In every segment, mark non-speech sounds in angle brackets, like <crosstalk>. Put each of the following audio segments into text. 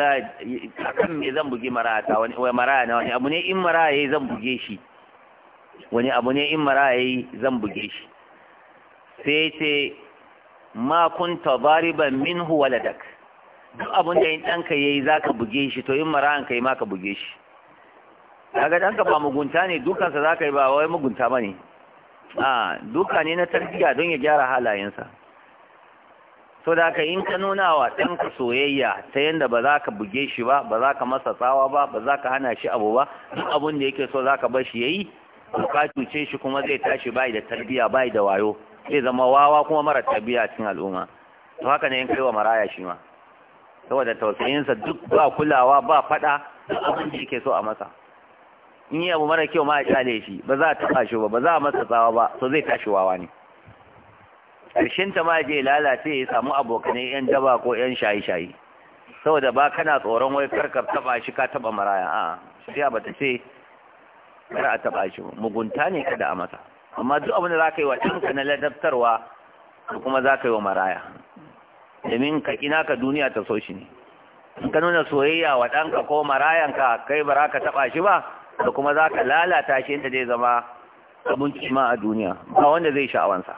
za kan me zan buge marata wani wai maraya na wani abu ne in maraya yayi zan buge shi wani abu ne in maraya yayi zan buge shi sai ce ma kunta min minhu waladak duk abun da in danka yayi zaka buge shi to in marayan kai ma ka buge shi kaga danka ba mugunta ne dukansa zaka yi ba wai mugunta bane a ah, duka ne na tarbiya don ya gyara halayensa so da ka in ka nuna wa ɗanka soyayya ta yadda ba za ka buge shi ba ba za ka masa tsawa ba ba za ka hana shi abu ba duk abin da yake so za ka bar shi ya yi ka cuce shi kuma zai tashi bai da tarbiya bai da wayo zai zama wawa kuma mara tarbiya cikin al'umma to haka ne in kai wa maraya shi ma saboda tausayinsa duk ba kulawa ba faɗa duk abin da yake so a masa in yi abu mara kyau ma a kyale shi ba za a taɓa shi ba ba za a masa tsawa ba so zai tashi wawa ne ƙarshen ta ma je lalace ya samu abokanai yan daba ko yan shayi-shayi saboda ba kana tsoron wai karkar taba shi ka taba maraya a shari'a ba ta ce kar a taba shi mugunta ne kada a masa amma duk abin da za ka yi wa ɗanka na ladabtarwa kuma za ka yi wa maraya domin ka kina ka duniya ta so shi ne in ka nuna soyayya wa ɗanka ko marayanka kai ba za ka taɓa shi ba da kuma za ka lalata shi inda zai zama abinci ma a duniya ba wanda zai sha'awansa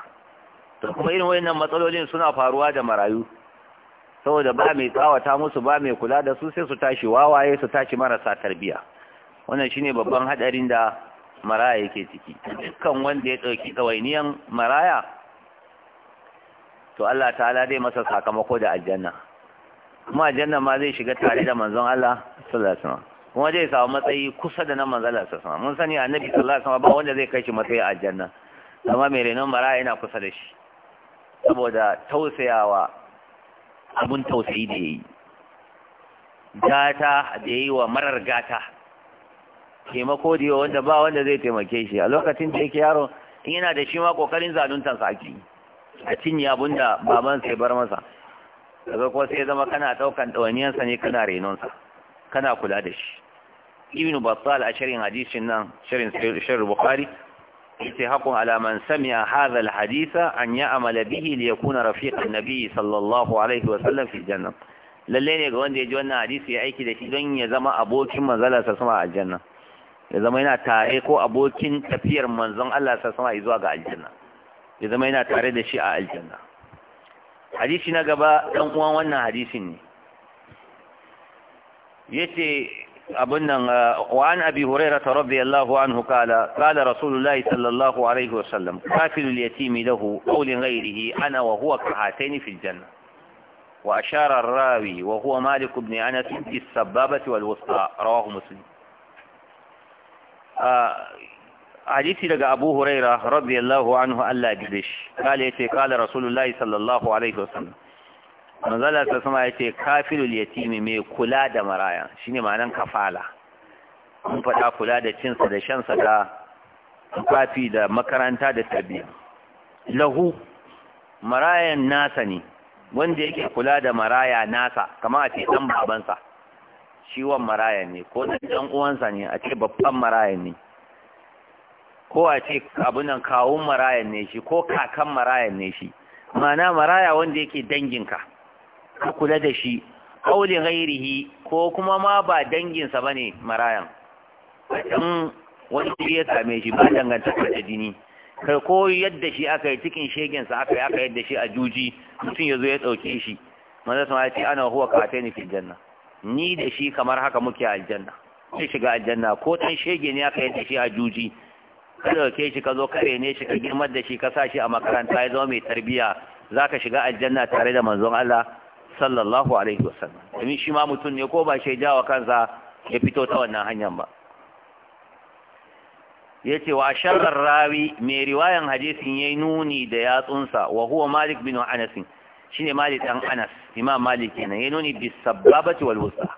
to kuma irin wayannan matsalolin suna faruwa da marayu saboda ba mai tsawata musu ba mai kula da su sai su tashi wawaye su tashi marasa tarbiya wannan shine babban hadarin da maraya yake ciki dukkan wanda ya dauki dawainiyan maraya to Allah ta'ala zai masa sakamako da aljanna kuma aljanna ma zai shiga tare da manzon Allah sallallahu alaihi wasallam kuma zai samu matsayi kusa da na manzon Allah sallallahu alaihi wasallam mun sani annabi sallallahu alaihi wasallam ba wanda zai kai shi matsayi a aljanna amma mai renon maraya yana kusa da shi saboda tausayawa abin tausayi da yayi gata da yayi wa marar gata taimako da yawa wanda ba wanda zai taimake shi a lokacin da yake yaron in yana da shi ma kokarin zaluntan sa ake a cinye abun baban sai bar masa daga kuma sai zama kana ɗaukan ɗawainiyansa ne kana renonsa kana kula da shi ibnu battal a shirin hadisin nan shirin shirin bukhari yace hakun ala man sami'a hadha alhaditha an ya'mala bihi li yakuna rafiqan nabiy sallallahu alaihi wa sallam fi janna lalle ne ga wanda ya ji wannan hadisi ya aiki da shi don ya zama abokin manzala sa sama aljanna ya zama yana tare ko abokin tafiyar manzon Allah sa sama zuwa ga aljanna ya zama yana tare da shi a aljanna hadisi na gaba dan uwan wannan hadisin ne yace abin nan wa an abi rabbi yallahu anhu kala kala rasulullahi sallallahu alaihi wasallam kafilul yatimi lahu aw li ghayrihi ana wa huwa kahatayn fil janna wa ashara ar-rawi wa huwa malik ibn anas bis sababati wal wusta rawahu muslim hadisi daga abu rabbi radiyallahu anhu Allah bidish kala yace kala rasulullahi sallallahu alaihi wasallam manzala ta sama ya ce kafilul yatimi mai kula da maraya Shi ne ma'anan kafala mun faɗa kula da cinsa da shansa da tufafi da makaranta da tarbiyya lahu marayan nasa ne wanda yake kula da maraya nasa kama a ce ɗan babansa ciwon maraya ne ko ɗan uwansa ne a ce babban maraya ne ko a ce abunan kawun marayan ne shi ko kakan marayan ne shi mana maraya wanda yake danginka ka kula da shi auli gairihi ko kuma ma ba danginsa ba ne marayan in wani ya same shi ba dangantaka da jini kai ko yadda shi aka yi cikin shegensa aka yi aka yadda shi a juji mutum ya zo ya ɗauke shi manzo sama ya ce ana huwa ka atani fil janna ni da shi kamar haka muke aljanna sai shiga aljanna ko ɗan shege ne aka yadda shi a juji ka dauke shi ka zo kare ne shi ka girmar da shi ka sa shi a makaranta ya zama mai tarbiya ka shiga aljanna tare da manzon Allah sallallahu alaihi wasallam domin shi ma mutum ne ko ba shi shaida wa kansa ya fito ta wannan hanyar ba ya ce wa sharar rawi mai riwayan hadisin ya yi nuni da yatsunsa wa huwa malik bin anas shi ne malik ɗan anas imam malik kenan ya nuni bi sababati wal wusa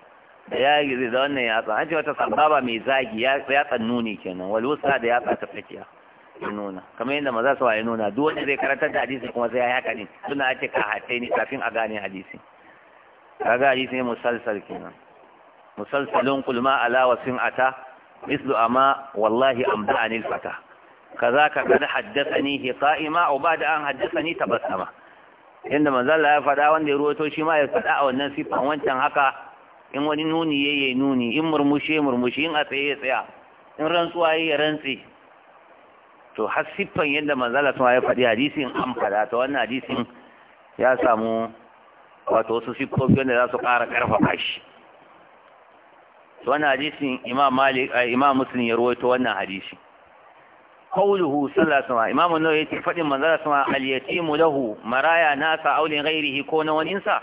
da ya yi da wannan yatsa an ce wata sababa mai zagi ya tsannu nuni kenan Walwusa da yatsa ta tsakiya ya nuna kamar yadda maza su ya nuna duk wanda zai karantar da hadisi kuma sai ya haka ne suna ake ka hatai ne kafin a gane hadisi kaga hadisi ne musalsal kenan musalsalun kulma ala wasin ata mislu amma wallahi amda anil fata kaza ka kada haddathani hi qa'ima aw ba'da an haddathani tabassama inda manzala ya faɗa wanda ya ruwato shi ma ya faɗa a wannan sifan wancan haka in wani nuni ya yi nuni in murmushi murmushi in a tsaye ya tsaya in rantsuwa ya yi rantsi to har siffan yadda manzala sun ya faɗi hadisin an faɗa ta wannan hadisin ya samu wato wasu siffofi wanda za su ƙara ƙarfafa shi to wannan hadisin imam malik eh, imam muslim ya ruwaito wannan hadisi qawluhu sallallahu alaihi wasallam imam an-nawawi yace faɗin manzala sun al-yatimu lahu maraya nasa aulin ghairihi ko na wani insa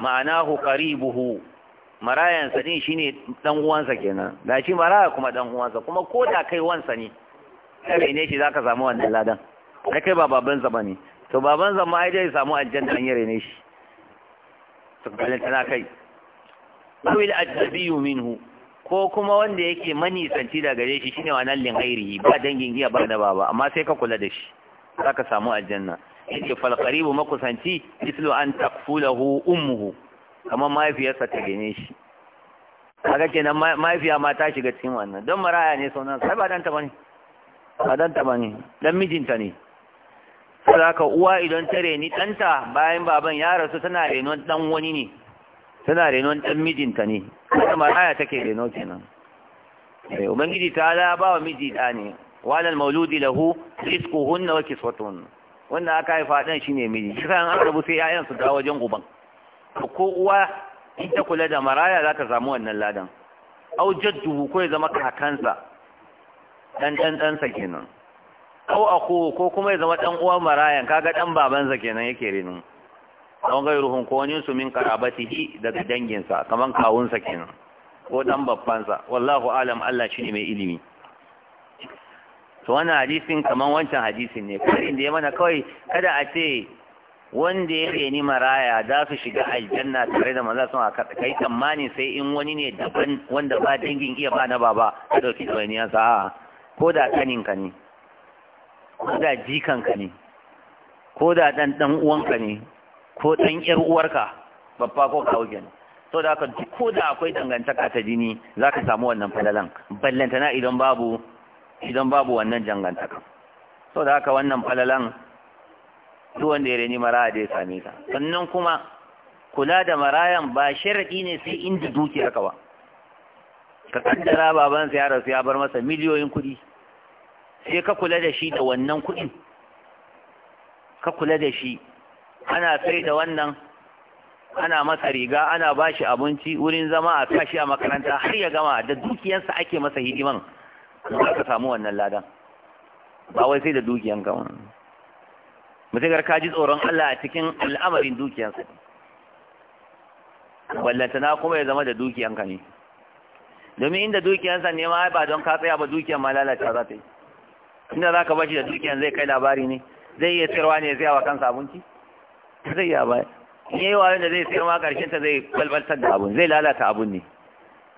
ma'anahu qaribuhu marayansa din shine dan uwansa kenan da shi maraya kuma dan uwansa kuma ko da kai wansa ne ka ne shi zaka samu wannan ladan kai kai ba baban zama ne to baban zama ai dai samu aljanna an yi ne shi to kallan tana kai awil ajnabiyyu minhu ko kuma wanda yake santi da gare shi shine wannan hairi ba dangin giya ba da baba amma sai ka kula da shi zaka samu aljanna yake fal qaribu makusanci mislu an taqfulahu ummuhu kamar mahaifiyarsa ta gane shi kaga kenan mahaifiya ma ta shiga cikin wannan don maraya ne sunan sai ba dan ta bane ba danta ba ne ɗan mijinta ne saboda uwa idan ta reni ɗanta bayan baban ya rasu tana renon ɗan wani ne tana renon ɗan mijinta ne wata maraya take reno kenan eh, ubangiji ta la ba wa miji ɗa ne walal mauludi lahu hunna wa kiswatun, wanda aka haifa ɗan shine miji shi kan an rabu sai ƴaƴan su dawo wajen uban ko uwa ita kula da maraya za ta samu wannan ladan au jaddu ko ya zama kakansa Ɗanɗanɗansa dan dan sa kenan ko a ko kuma ya zama dan uwan marayan kaga dan babansa kenan yake renin don ruhun, ko wani su min karabatihi daga danginsa kaman kawunsa kenan ko ɗan babbansa wallahu alam Allah shi ne mai ilimi to wannan hadisin kaman wancan hadisin ne kai da ya mana kawai kada a ce wanda ya reni maraya za su shiga aljanna tare da maza sun aka kai tsammani sai in wani ne daban wanda ba dangin iya ba na baba a dauki ɗawainiyarsa a'a ko da kaninka ne ko da jikanka ne ko da dan dan uwanka ne ko dan yar uwarka babba ko kawo ne, to da ko da akwai dangantaka ta jini zaka samu wannan falalan ballantana idan babu idan babu wannan dangantaka to da aka wannan falalan duk wanda ya rene maraya da ya same ta sannan kuma kula da marayan ba sharadi ne sai inda dukiyarka ba ka kaddara babansa ya rasu ya bar masa miliyoyin kuɗi sai ka kula da shi da wannan kuɗin ka kula da shi ana sai da wannan ana masa riga ana ba shi abinci wurin zama a kashi a makaranta har ya gama da dukiyansa ake masa hidiman za ka samu wannan ladan ba wai sai da dukiyan gama mutum ka ji tsoron Allah a cikin al'amarin dukiyansa na kuma ya zama da dukiyanka ne domin inda dukiyansa ne ma ba don ka tsaya ba dukiyan ma lalata za ta yi inda za ka bashi da dukiyan zai kai labari ne zai iya tsirwa ne zai wa kansa abinci zai iya ba in yi wa da zai tsirwa karshen ta zai balbaltar da abun zai lalata abun ne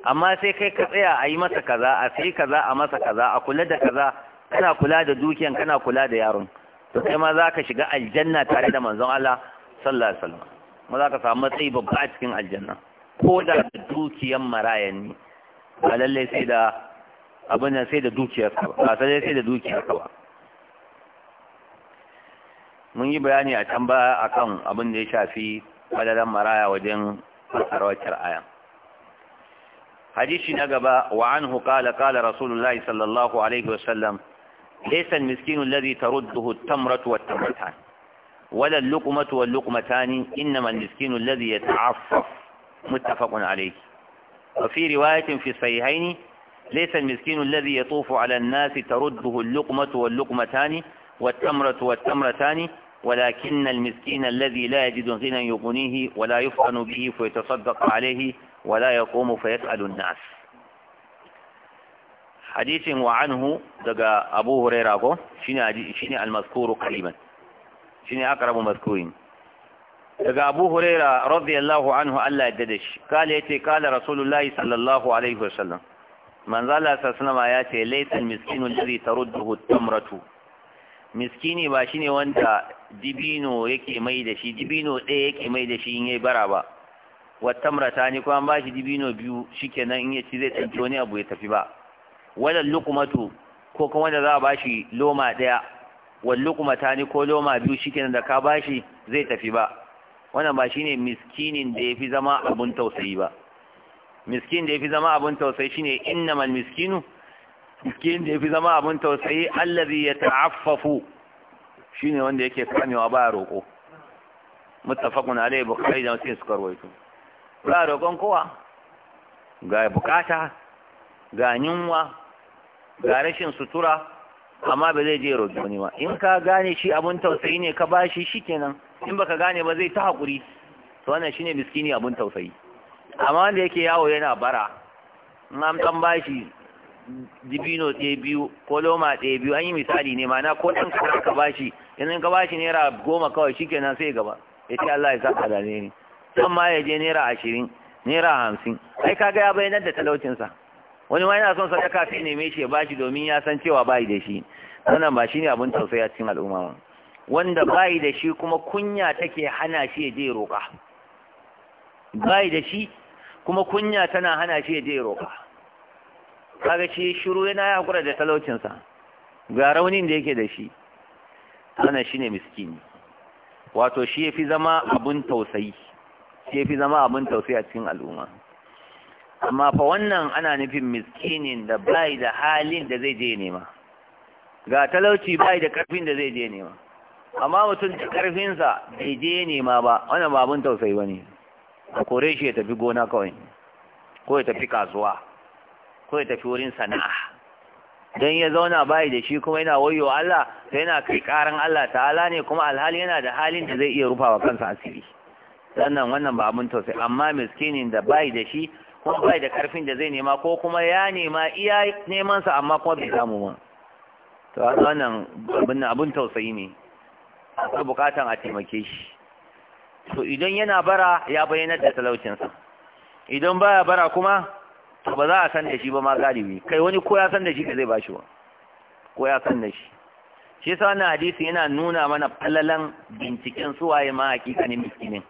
amma sai kai ka tsaya a yi masa kaza a sai kaza a masa kaza a kula da kaza kana kula da dukiyan kana kula da yaron to kai ma za ka shiga aljanna tare da manzon Allah sallallahu alaihi wasallam ma za ka samu matsayi babba a cikin aljanna ko da dukiyan marayan ne ba sai da abin nan sai da dukiyarka ba ba sai da dukiyarka ba mun yi bayani a can ba akan abin da ya shafi falalan maraya wajen fasarwatar ayan hadisi na gaba wa anhu qala qala rasulullahi sallallahu alaihi wasallam ليس المسكين الذي ترده التمرة والتمرتان ولا اللقمة واللقمتان إنما المسكين الذي يتعفف متفق عليه وفي رواية في الصحيحين ليس المسكين الذي يطوف على الناس ترده اللقمة واللقمتان والتمرة والتمرتان ولكن المسكين الذي لا يجد غنى يغنيه ولا يفطن به فيتصدق عليه ولا يقوم فيسأل الناس حديث وعنه دقى أبو هريرة شنو المذكور قريبا شنو أقرب مذكورين daga abu huraira radiyallahu anhu Allah ya da shi kala yace kala rasulullahi sallallahu alaihi wasallam Manzala Allah sallallahu ya ce laysal miskinu alladhi tarudduhu tamratu miskini ba shine wanda dibino yake mai da shi dibino ɗaya yake mai da shi in yayi bara ba wa tamrata ni kuma ba shi dibino biyu shikenan in yace zai tsinci wani abu ya tafi ba wala luqmatu ko kuma da za a shi loma ɗaya wal luqmata ni ko loma biyu shikenan da ka ba shi zai tafi ba wannan ba shine miskinin da yafi zama abun tausayi ba miskin da yafi zama abun tausayi shine innamal miskinu miskin da yafi zama abun tausayi allazi yata'affafu shine wanda yake kamewa ba roko mutafaqun alayhi bukhari da muslim suka rawaito ba roƙon kowa ga bukata ga yunwa ga rashin sutura amma ba zai je ya roƙi wani ba in ka gane shi abun tausayi ne ka bashi shikenan in baka gane ba zai ta haƙuri to wannan shine miskini abun tausayi amma wanda yake yawo yana bara in an ba bashi dibino ɗaya biyu ko loma ɗaya biyu an yi misali ne ma na ko ɗan ka ka bashi yanzu ka bashi naira goma kawai shikenan sai gaba ya ce Allah ya saka da ne ni ma ya je naira ashirin naira hamsin ai kaga ya bayyana da talaucinsa wani ma yana son sadaka sai neme shi ya bashi domin ya san cewa bai da shi wannan ba shine abin tausayi a cikin al'umma wanda bai da shi kuma kunya take hana shi ya je roƙa bai da shi kuma kunya tana hana shi ya je roƙa kaga shi shiru yana ya hakura da talaucinsa ga raunin da yake da shi ana shine miskini wato shi yafi zama abun tausayi shi yafi zama abun tausayi a cikin al'umma amma fa wannan ana nufin miskinin da bai da halin da zai je nema ga talauci bai da karfin da zai je nema amma mutum da karfinsa bai je nema ba wannan ba abin tausayi ba ne a kore shi ya tafi gona kawai ko ya tafi kasuwa ko ya tafi wurin sana'a don ya zauna bai da shi kuma yana wayo Allah sai yana kai karan Allah ta'ala ne kuma alhali yana da halin da zai iya rufawa kansa asiri sannan wannan ba abin tausayi amma miskinin da bai da shi ko bai da karfin da zai nema ko kuma ya nema iya neman sa amma kuma bai samu ba to a wannan abin abin tausayi ne akwai bukatan a taimake shi to idan yana bara ya bayyana da talaucin sa idan baya bara kuma to ba za a san da shi ba ma galibi kai wani ko ya san da shi ka zai bashi ba ko ya san da shi shi yasa wannan hadisi yana nuna mana falalan binciken suwaye ma ne miskinin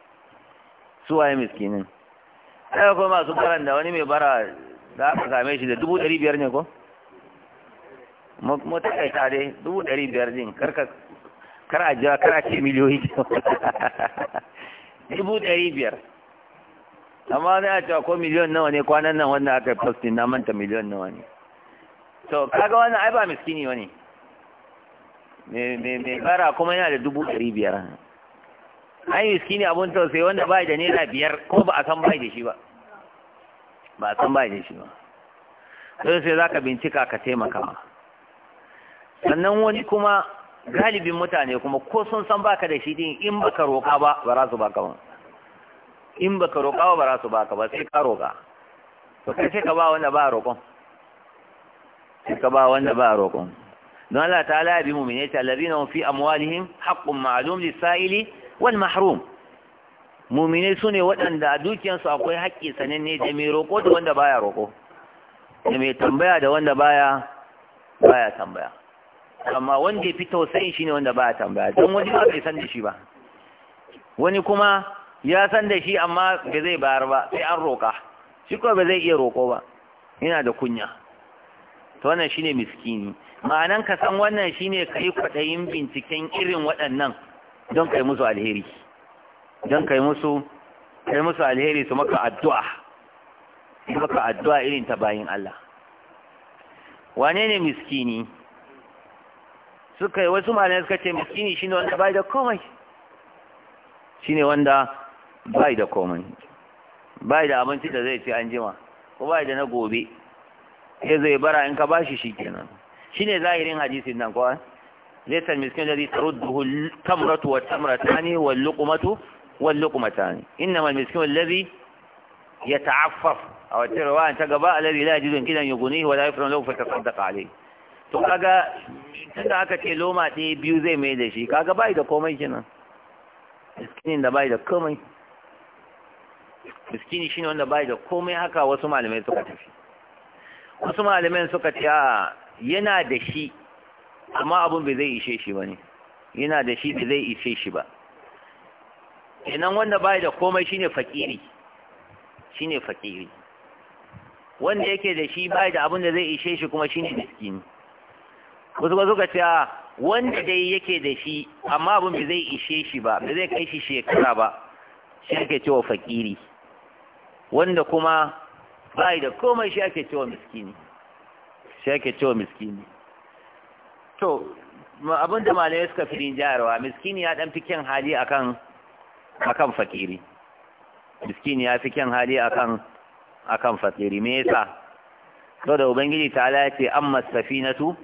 suwaye miskinin ai akwai masu karanta wani mai bara da aka same shi da dubu ɗari biyar ne ko mutakaita dai dubu ɗari biyar din karka kara jira kara ce miliyoyi <laughs> dubu ɗari biyar amma wani a cewa ko miliyon nawa ne kwanan nan wanda aka yi postin na manta miliyon nawa ne to kaga wannan ai ba miskini wani mai bara kuma yana da dubu ɗari biyar ai miskini abun tausayi wanda ba da naira biyar ko ba a san ba da shi ba ba a san ba da shi ba sai sai zaka bincika ka taimaka sannan wani kuma galibin mutane kuma ko sun san baka da shi din in baka roƙa ba ba za su baka ba in baka roƙa ba ba za su baka ba sai ka roƙa to kai sai ka ba wanda ba roƙon sai ka ba wanda ba roƙon don Allah ta'ala ya bi mu'mini ta allazina fi amwalihim haqqun ma'lum lis-sa'ili wal mahrum muminai su ne waɗanda a dukiyansu akwai haƙƙi sananne da mai roƙo da wanda baya roƙo da mai tambaya da wanda baya baya tambaya amma wanda ya fi tausayin shi ne wanda baya tambaya don wani ba bai san da shi ba wani kuma ya san da shi amma ba zai bayar ba sai an roƙa shi ko ba zai iya roƙo ba yana da kunya to wannan shine miskini ma'anan ka san wannan shine kai kwaɗayin binciken irin waɗannan don kai musu alheri don kai musu kai musu alheri su maka addu'a su maka addu'a irin ta bayin Allah wane ne miskini suka yi wasu malamai suka ce miskini shine wanda bai da komai shine wanda bai da komai bai da abinci da zai ci an jima ko bai da na gobe sai zai bara in ka bashi shikenan shine zahirin hadisin nan ko laysa al-miskinu alladhi tarudduhu al-tamratu wat-tamratani wal-luqmatu wal-luqmatani innama al-miskinu alladhi yata'affaf aw at-riwaya ta gaba alladhi la yajidu kidan yughnihi wa la yafrun lahu fatasaddaqa alayhi to kaga tunda aka ce loma biyu zai mai da shi kaga bai da komai kenan miskinin da da komai da komai haka wasu malamai suka tafi wasu malamai suka ce yana da shi amma abun bai zai ishe shi ba ne yana da shi bai zai ishe shi ba inan wanda bai da komai shine fakiri shine fakiri wanda yake da shi bai da abun da zai ishe shi kuma shine miskini wasu wasu ka ce wanda dai yake da shi amma abun bai zai ishe shi ba bai zai kai shi shekara ba shi ake cewa fakiri wanda kuma bai da komai shi ake cewa miskini shi ake cewa miskini to abin da suka fi jayarwa miskini ya dan fi kyan hali akan akan fakiri miskini ya fi kyan hali akan akan fakiri me yasa da ubangiji ta ala ce amma safinatu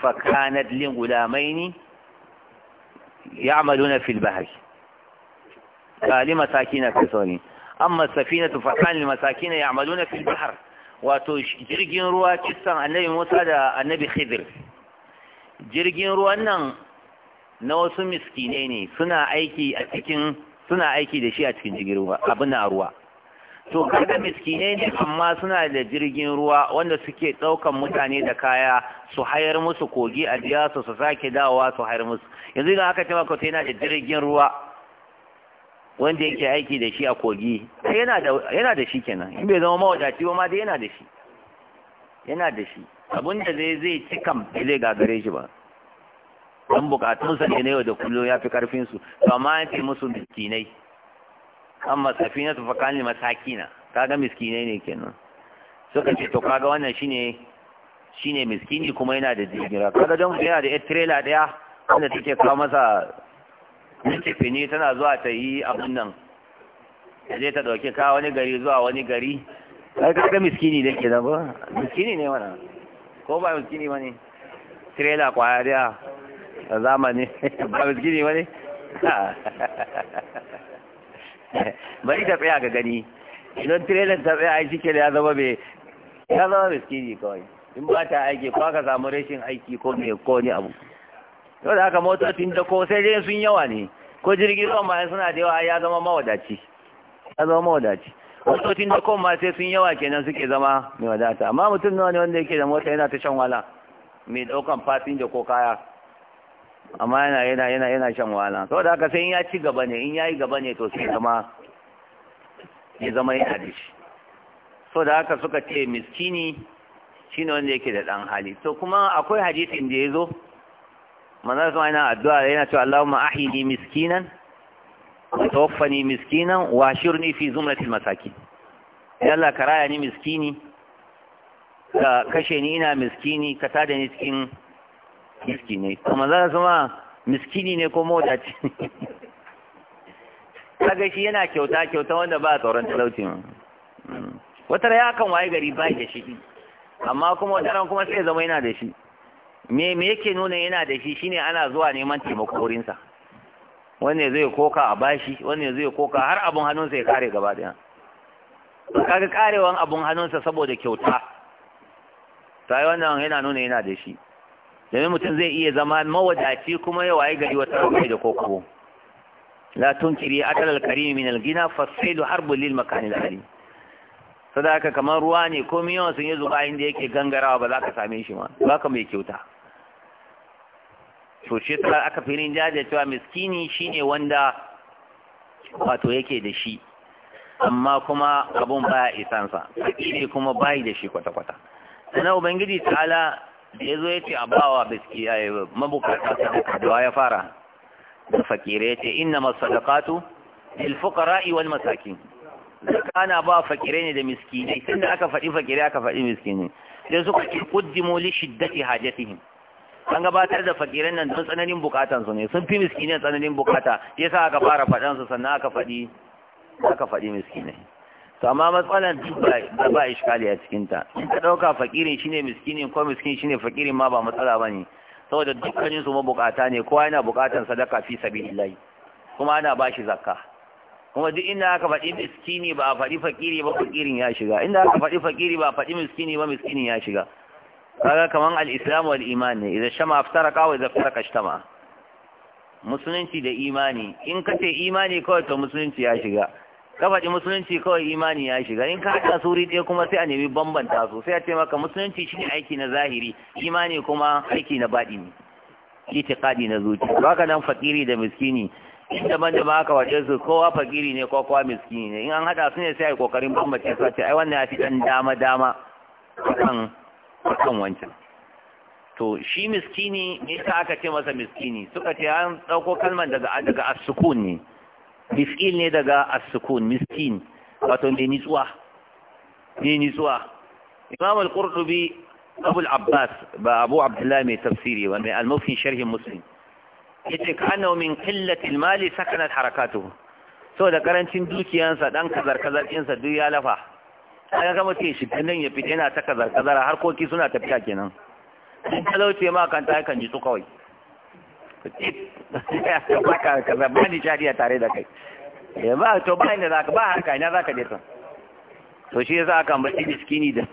fa kanat lin gulamaini ya'maluna fil bahri kali masakina kasoni amma safinatu fa kanat masakina ya'maluna fil bahr wato jirgin ruwa kisan annabi Musa da annabi Khidir jirgin ruwan nan na wasu miskinai ne suna aiki a cikin suna aiki da shi a cikin jirgin ruwa abin na ruwa to kaga miskinai ne amma suna da jirgin ruwa wanda suke ɗaukan mutane da kaya su hayar musu kogi a jiya su su sake dawowa su hayar musu yanzu idan aka ce maka to yana da jirgin ruwa wanda yake aiki da shi a kogi yana da yana da shi kenan in bai zama mawadaci ba ma dai yana da shi yana da shi abin da zai zai ci kam ba zai gagare shi ba don bukatunsa ne na yau da kullum ya fi ƙarfinsu to amma ya ce musu miskinai an masafi na tufakan ne masakina kaga miskinai ne kenan suka ce to kaga wannan shine ne miskini kuma yana da jingira kaga don yana da yar tirela ɗaya wanda take kawo masa mace fini tana zuwa ta yi abin nan je ta ɗauki kawo wani gari zuwa wani gari ai kaga miskini ne kenan ba miskini ne wannan ko ba miskini ba ne tirela kwaya daya a zamani <laughs> ba miskini ba ne <laughs> bari ta tsaya ga gani idan tirelan ta tsaya aiki ke da ya zama mai ya zama miskini kawai in ba ta aiki ko aka samu rashin aiki ko mai ko ni abu yau da aka motocin da ko sai dai sun yawa ne ko jirgin ruwan ma suna da yawa ya zama mawadaci ya zama mawadaci motocin da kuma sai sun yawa kenan suke zama mai wadata amma mutum nawa ne wanda yake da mota yana ta shan wala mai daukan fasinja ko kaya amma yana yana yana yana shan wala saboda haka sai in ya ci gaba ne in yayi gaba ne to sai zama ya zama yana da shi saboda haka suka ce miskini shine wanda yake da dan hali to kuma akwai hadisin da ya zo manzo sai yana addu'a yana cewa Allahumma ahini miskinan توفني tawaffani واشرني في زمرة المساكين يلا masakin مسكيني ka raya ni miskini ka kashe ni ina miskini ka tada ni cikin ne ko kaga shi yana kyauta kyauta wanda ba tsoron talauci wata ya kan waye gari ba da shi amma kuma wata kuma sai zama yana da shi me me yake nuna yana da shi shine ana zuwa neman taimako wani zai koka a bashi wani zai koka har abun hannunsa ya kare gaba daya kaga karewan abun hannunsa saboda kyauta sai wannan yana nuna yana da shi domin mutum zai iya zama mawadaci kuma ya waye gari wata rukai da koko la tunkiri atalal karimi min algina fasailu harbu lil makani sadaka kamar ruwa ne ko miyawan sun yi zuba inda yake gangarawa ba za ka same shi ma ba ka mai kyauta to shi ta aka firin jaje cewa miskini shine wanda wato yake da shi amma kuma abun baya isansa ne kuma bayi da shi kwata-kwata sannan ubangiji ala? da ya zo ya ce a bawa biski a eh, mabukata sadaka da ya fara da fakire ya ce inna masadaqatu lil fuqara'i wal masakin zakana ba fakire ne da miskini tunda aka faɗi fakire aka faɗi miskini sai suka ce quddimu li shiddati hajatihim an gabatar da fakirin nan don tsananin bukatan su ne sun fi miskinin tsananin bukata ya sa aka fara faɗan su sannan aka faɗi aka faɗi miskinai to amma matsalar duk ba ba iskali a cikin ta in ka dauka fakirin shine miskinin ko miskin shine fakirin ma ba matsala bane saboda dukkanin su mabukata ne kowa yana bukatan sadaka fi sabilillahi kuma ana bashi zakka kuma duk inda aka faɗi miskini ba a faɗi fakiri ba fakirin ya shiga inda aka faɗi fakiri ba a faɗi miskini ba miskinin ya shiga kaga kaman al-islam wal iman ne idan shama aftaraka wa idan faraka shama musulunci da imani in ka ce imani kawai to musulunci ya shiga ka faɗi musulunci kawai imani ya shiga in ka haɗa suri ɗaya kuma sai a nemi bambanta su sai a ce maka musulunci shine aiki na zahiri imani kuma aiki na baɗini itiqadi na zuciya baka nan fakiri da miskini in daban da aka wace su kowa fakiri ne kowa kowa miskini ne in an haɗa su ne sai a yi kokarin bambance su a ce ai wannan ya fi ɗan dama dama kan akan wancan to shi miskini ne ta aka ce masa miskini suka ce an dauko kalman daga daga as-sukun ne miskil ne daga as-sukun miskin wato mai nitsuwa ne nitsuwa imam al-qurtubi abu al-abbas ba abu abdullah mai tafsiri ba mai al-mufti sharhin muslim yace kana min qillati al-mali sakanat harakatuhu saboda karancin dukiyansa dan kazar kazar sa duk ya lafa kaga ga mutum shi nan ya fita yana ta kazar kazara harkoki suna tafiya kenan in talauce ma kan ta kan ji su kawai baka ba ni shari'a tare da kai ya eh, ba to ba zaka ba haka ina zaka je san to shi yasa aka ambaci miskini da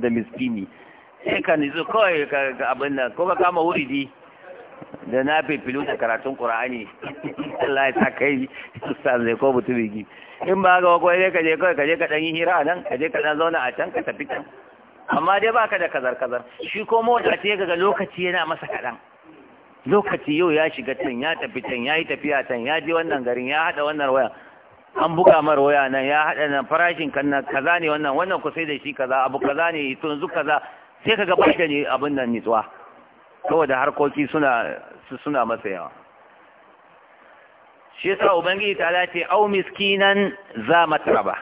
da miskini sai ka nizo kawai ka abin nan ko ka kama wuridi da na fifilu da karatun qur'ani <laughs> Allah ya sa kai ustaz zai ko mutum yi in ba ga kwaye dai je kawai je ka dan yi hira nan je ka ɗan zauna a can ka tafi can amma dai baka da kazar kazar shi ko mota ce ga lokaci yana masa kaɗan lokaci yau ya shiga can ya tafi can ya yi tafiya can ya je wannan garin ya haɗa wannan waya an buga mar waya nan ya haɗa nan farashin kanna kaza ne wannan wannan ku sai da shi kaza abu kaza ne yanzu kaza sai ga ba shi ne abin nan nitsuwa saboda harkoki suna suna masa yawa shi yasa ubangiji ta lati au miskinan za matraba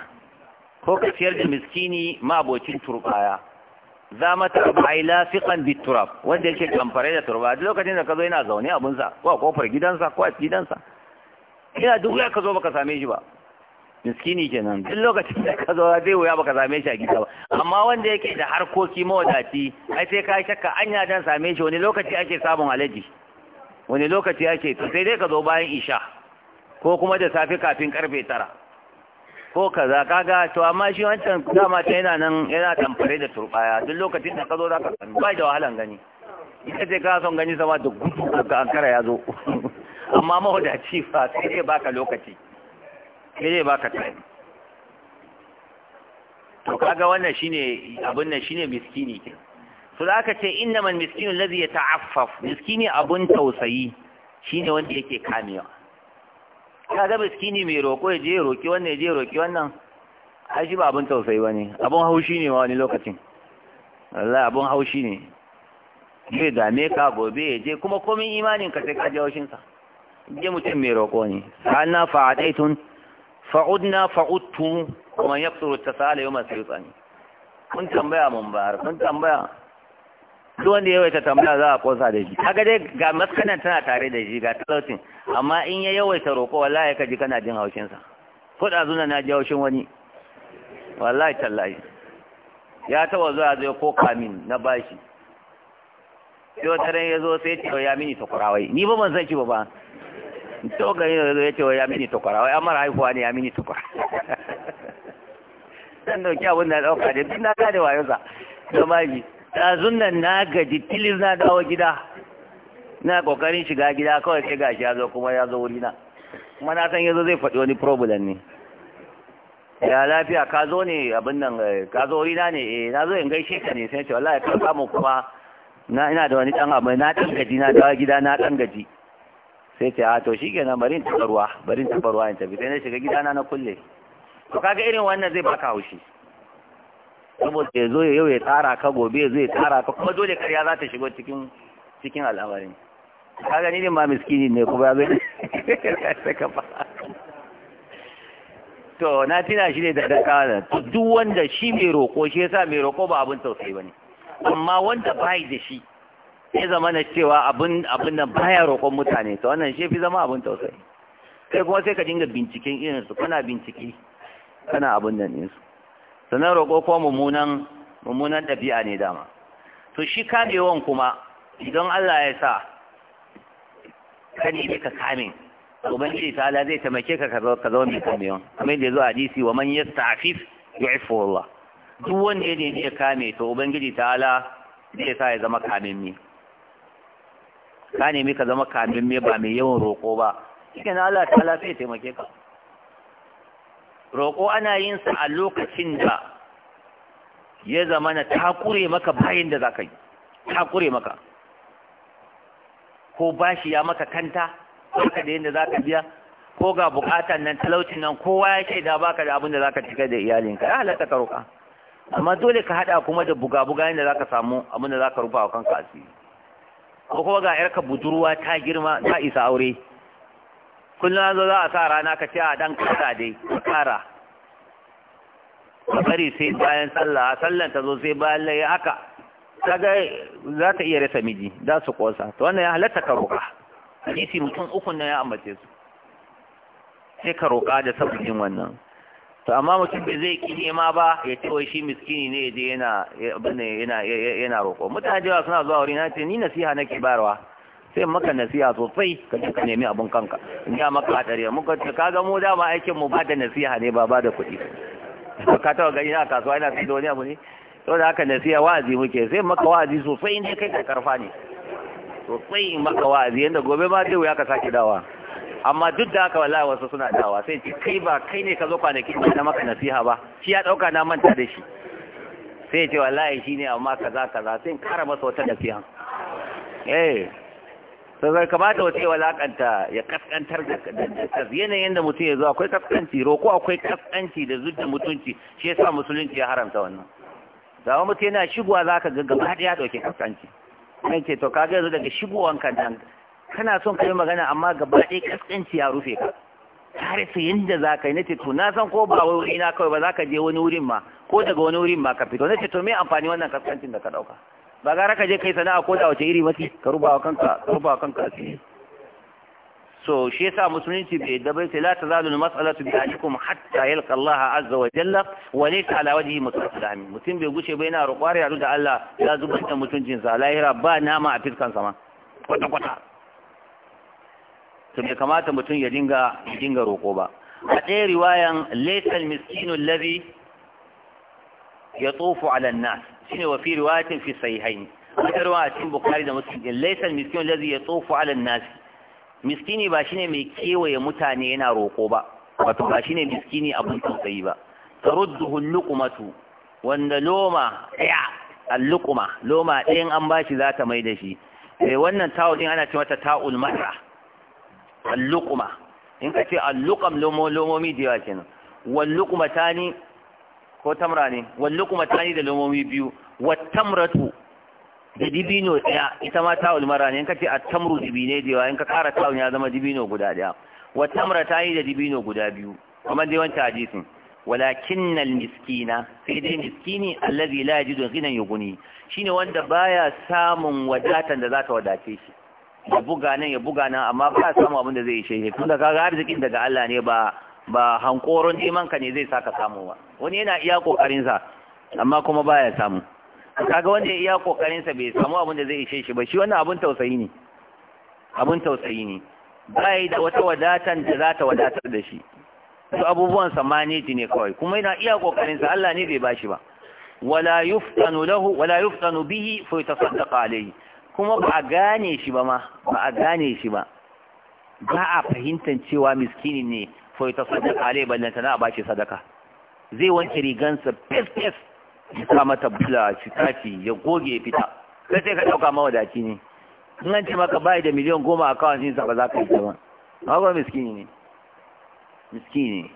ko ka ciyar da miskini abokin turbaya za matraba ai lafiqan bit turab wanda yake kamfare da turba duk lokacin da ka zo yana zaune abun sa ko kofar gidansa ko a gidansa ina duk ya ka zo baka same shi ba miskini kenan duk lokacin da ka zo zai wuya baka same shi a gida ba amma wanda yake da harkoki mawadaci ai sai ka shakka anya dan same shi wani lokaci ake samun alaji wani lokaci ake to sai dai ka zo bayan isha ko kuma da safi kafin karfe tara ko kaza kaga to amma shi wancan dama ta yana nan yana tamfare da turbaya duk lokacin da ka zo zaka sami ba da wahalan gani ita ce ka son gani sama da gudu ga ankara ya zo <laughs> amma mahudaci fa sai zai baka lokaci sai zai baka time to kaga wannan shine abun nan shine miskini ke to da aka ce innamal miskinu allazi yata'affaf miskini abun tausayi shine wanda yake kamewa ka ga miskini mai roƙo ya je roƙi wannan ya je roƙi wannan ai shi ba abin tausayi bane abin haushi ne wani lokacin wallahi abin haushi ne zai dame ka gobe ya je kuma komin imanin ka sai ka je haushin sa je mutum mai roƙo ne sa'anna fa'adaitun fa'udna fa'udtu kuma yaqturu tasala yawma saytani kun tambaya mun bayar kun tambaya duk wanda ya yawaita tambaya za a kosa da shi Haka dai ga maskanan tana tare da shi ga talautin amma in ya yawaita roƙo wallahi ka ji kana jin haushin sa ko da zuna na ji haushin wani wallahi tallahi ya taba zuwa zai ko kamin na bashi sai wata ran ya zo sai ya ce ya mini takwarawai ni ba ban san shi ba ba to ga ya zo ya ce ya mini takwarawai amma haihuwa ne ya mini takwara dan <laughs> dauki abin da dauka da duk na gane wayo sa da bashi ɗazun nan na gaji tilis na dawo gida na ƙoƙarin shiga gida kawai sai gashi ya zo kuma ya zo wurina kuma na san yanzu zai faɗi wani problem ne ya lafiya ka zo ne abin nan eh, ka zo wurina ne eh na zo in gaishe ka ne sai ce wallahi ka samu kuma na ina da wani ɗan abu na ɗan gaji na dawo gida na ɗan gaji sai ce a ah, to shikenan bari in taɓa ruwa bari in taɓa ruwa in tafi sai na shiga gida na na kulle to kaga irin wannan zai baka haushi saboda ya zo yau ya tsara ka gobe zai tsara ka kuma dole karya za ta shigo cikin cikin al'amarin ka gani ne ma miskini ne kuma ya zai <laughs> saka ba to na tina shi ne da dakawa da duk wanda shi mai roko shi yasa mai roko ba abin tausayi bane amma wanda bai da shi sai zama na cewa abin abin nan baya roƙon mutane to wannan shi fi zama abin tausayi kai kuma sai ka dinga binciken irin su kana bincike kana abin nan ɗinsu sannan roƙo ko mummunan mummunan ɗabi'a ne dama to shi kamewan kuma idan Allah ya sa kani ne ka kame ubangiji ta Allah zai taimake ka ka zama mai kamewan kamar da zo hadisi wa man yasta'fif yu'fu Allah duk wanda ya ne ya kame to ubangiji ta Allah zai sa ya zama kamemmi ka nemi ka zama kamemmi ba mai yawan roƙo ba shi Allah ta Allah sai taimake ka roƙo ana yin sa a lokacin da ya zama na takure maka bayan da za ka yi takure maka ko bashi ya maka kanta ka da yadda za ka biya ko ga bukatan nan talaucin nan kowa ya ce da baka da abin da za ka cika da iyalinka ya halatta ka roƙa amma dole ka haɗa kuma da buga-buga yadda za ka samu abin da za ka rufa wa kanka asiri ko kuma ga yarka budurwa ta girma ta isa aure kullum an zo za a sa rana ka ce a dan ƙasa dai ƙara. a bari sai bayan tsalla, a tsallan ta zo sai bayan laye haka ga za ta iya rasa miji za su kosa to wannan ya halatta ka roƙa hadisi mutum uku na ya ambace su sai ka roƙa da sabbin wannan to amma mutum bai zai ki nema ba ya ce wai shi miskini ne ya je yana roƙo mutane da suna zuwa wuri na ce ni nasiha nake bayarwa sai maka nasiha sosai ka je ka nemi abun kanka in ya maka hadari muka ce kaga mu dama aikin mu ba da nasiha ne ba ba da kuɗi ka taɓa gani na kasuwa ina cikin da wani abu ne to da haka nasiha wa'azi muke sai maka wa'azi sosai in kai ka karfa ne sosai in maka wa'azi yanda gobe ma dai wuya ka sake dawa amma duk da haka wallahi wasu suna dawa sai ce kai ba kai ne ka zo kwanaki ba na maka nasiha ba shi ya dauka na manta da shi sai ce wallahi shine amma kaza kaza sai in kara masa wata nasiha eh sai kamata wace walakanta ya kaskantar da yanayin da mutum ya zo akwai kaskanci roko akwai kaskanci da zudda mutunci shi yasa musulunci ya haramta wannan da wani mutum yana shigowa za ka ga gaba ɗaya ɗauke kaskanci kan ce to gaya yanzu daga shigowan ka nan kana son ka yi magana amma gaba ɗaya kaskanci ya rufe ka tare su yadda za ka yi na ce to na san ko ba wuri na kawai ba za ka je wani wurin ma ko daga wani wurin ma ka fito na ce to me amfani wannan kaskancin da ka ɗauka ba gara ka je kai sana'a ko da wace iri mace ka rubawa kanka ka rubawa kanka asiri so shi yasa musulunci bai da bai sai la tazalu masalatu bi ahlikum hatta yalqa Allah azza wa jalla wa laysa ala wajhi mutasallamin mutum bai guce bai yana roƙwar yaro da Allah ya zuba da mutuncin sa lahira ba nama a fiskan sa ma kwata kwata to bai kamata mutum ya dinga dinga roƙo ba a ɗaya riwayan laysa al-miskinu alladhi yatufu ala an-nas shine wa fi riwayatin fi sahihain wata a cikin bukari da muslim din laysa ba shine mai kewaye mutane yana roko ba wato an bashi za ta mai da ko tamra ne wallu kuma tani da lomomi biyu tamratu da dibino ɗaya ita ma tawul mara ne in ka ce a tamru dibine da yawa in ka kara tawul ya zama dibino guda ɗaya ta tani da dibino guda biyu kamar dai wancan hadisin walakinnal miskina sai dai miskini allazi la yajidu ghinan yughni shine wanda baya samun wadatan da zata wadace shi ya buga nan ya buga nan amma ba samu abin da zai yi shehe tunda kaga arzikin daga Allah ne ba ba hankoron imanka ne zai saka samu ba wani yana iya sa amma kuma baya samu kaga wanda iya kokarinsa bai samu abin da zai ishe shi ba shi wannan abin tausayi ne abin tausayi ne bai da wata wadatan da za ta wadatar da shi su abubuwan samaneji ne kawai kuma yana iya kokarinsa Allah ne bai bashi ba wala yuftanu lahu wala yuftanu bihi fa yatasaddaq alayhi kuma ba gane shi ba ma ba a gane shi ba ba a fahimtar cewa miskini ne ko sadaka tasadda alai ta na bashi sadaka zai wanke rigansa fes fes ya sa mata bula fitafi ya goge fita sai sai ka dauka mawadaci ne in an ce maka bai da miliyan goma a kawai sinsa ba za ka yi ta ba amma miskini ne miskini ne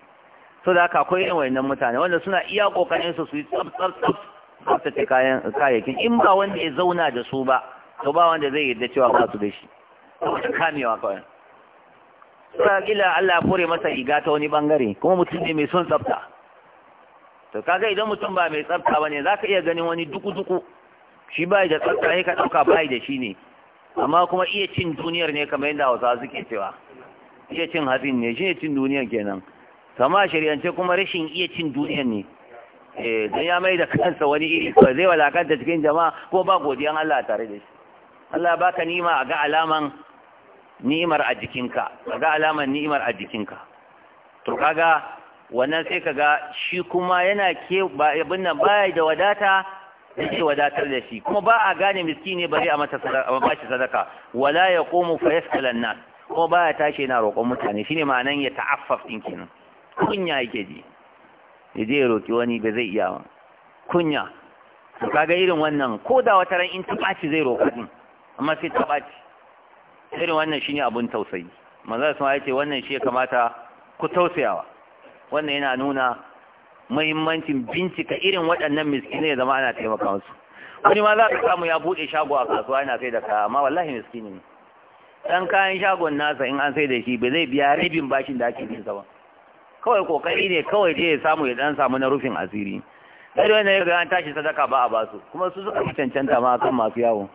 so da haka akwai yan wannan mutane wanda suna iya kokarin su su yi tsaf tsaf tsaf tsaftace kayan kayayyakin in ba wanda ya zauna da su ba to ba wanda zai yarda cewa ba su da shi ta kamewa kawai kila Allah fure masa iga ta wani bangare kuma mutum ne mai son tsafta to kaga idan mutum ba mai tsafta bane zaka iya ganin wani duku duku shi bai da tsafta sai ka dauka bai da shi ne amma kuma iya cin duniyar ne kamar yadda Hausa suke cewa iya cin hatsin ne shine cin duniyar kenan kama shari'ance kuma rashin iya cin duniyar ne eh dan ya mai da kansa wani iri ko zai walakanta cikin jama'a ko ba godiyan Allah tare da shi Allah baka nima a ga alaman ni'imar a jikinka kaga alamar ni'imar a jikinka to kaga wannan sai ka ga shi kuma yana ke ba abin nan baya da wadata yake wadatar da shi kuma ba a gane miskini bare a mata sadaka ba shi sadaka wala ya fa yas'al an-nas kuma baya tashi yana roƙon mutane shine ma'anan ya ta'affaf din kenan kunya yake ji yaje roki wani ba zai iya kunya kaga irin wannan ko da wata ran in ta zai roƙa din amma sai ta irin wannan shi ne abun tausayi manzo sun ya ce wannan shi ya kamata ku tausayawa wannan yana nuna muhimmancin bincika irin waɗannan miskinai ya zama ana taimaka musu wani ma za ka samu ya buɗe shago a kasuwa yana sai da kaya amma wallahi miskini ne dan kayan shagon nasa in an sai da shi ba zai biya rabin bashin da ake bin ba kawai kokari ne kawai je ya samu ya dan samu na rufin asiri sai da wannan ya ga an tashi sadaka ba a basu kuma su suka cancanta ma kan masu yawo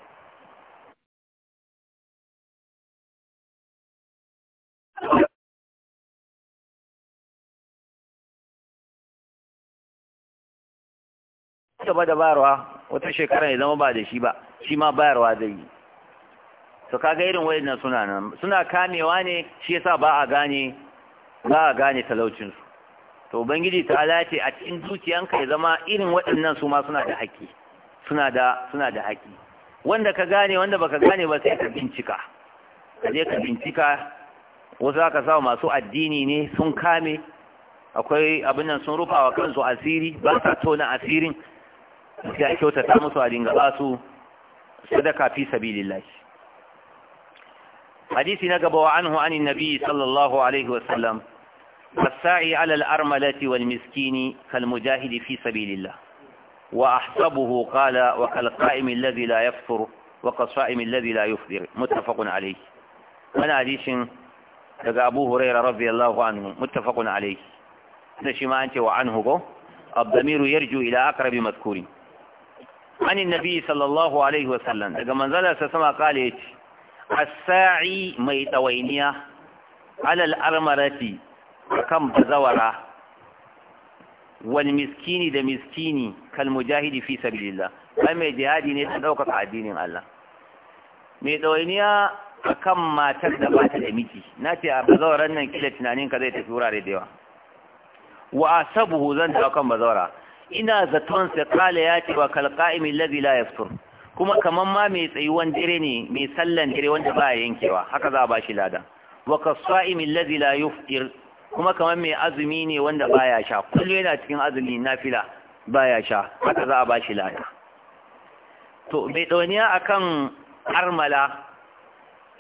gaba da bayarwa wata shekara ya zama ba da shi ba shi ma bayarwa zai yi to kaga irin wayannan suna nan suna kamewa ne shi yasa ba a gane ba a gane talaucin su to ubangiji ta ce a cikin zuciyanka ya zama irin waɗannan su ma suna da haƙƙi suna da suna da haƙƙi wanda ka gane wanda baka gane ba sai ka bincika ka je ka bincika wasu aka sa masu addini ne sun kame akwai abin nan sun rufa wa kansu asiri ba sa tona asirin sai a kyautata musu a dinga ba su sadaka fi sabilillah hadisi na gaba wa anhu anin nabi sallallahu alaihi wasallam الساعي على الأرملة والمسكين كالمجاهد في سبيل الله وأحسبه قال وكالقائم الذي لا يفطر وكالصائم الذي لا يفطر متفق عليه أنا حديث لقى أبو هريرة رضي الله عنه متفق عليه نشي ما أنت وعنه الضمير يرجو إلى أقرب مذكور عن النبي صلى الله عليه وسلم daga manzala sa sama kale yace as-sa'i mai ala al armarati kam bazawara wal miskini da miskini kal mujahidi fi sabilillah kai mai jihadi ne ta dauka addinin Allah mai tawainiya akan matar da bata da miji nace a bazawaran nan kila tunanin ka zai tafi wurare da yawa wa asabuhu zan ta kan bazawara ina zaton sa kala ya ce wa kalqa'imin ladhi la yaftur kuma kaman ma mai tsayuwan dire ne mai sallan dire wanda ba yankewa haka za a bashi lada wa kasa'imin ladhi la yuftir kuma kaman mai azumi ne wanda ba ya sha kullu yana cikin azumi nafila ya sha haka za a bashi lada to mai dawaniya akan armala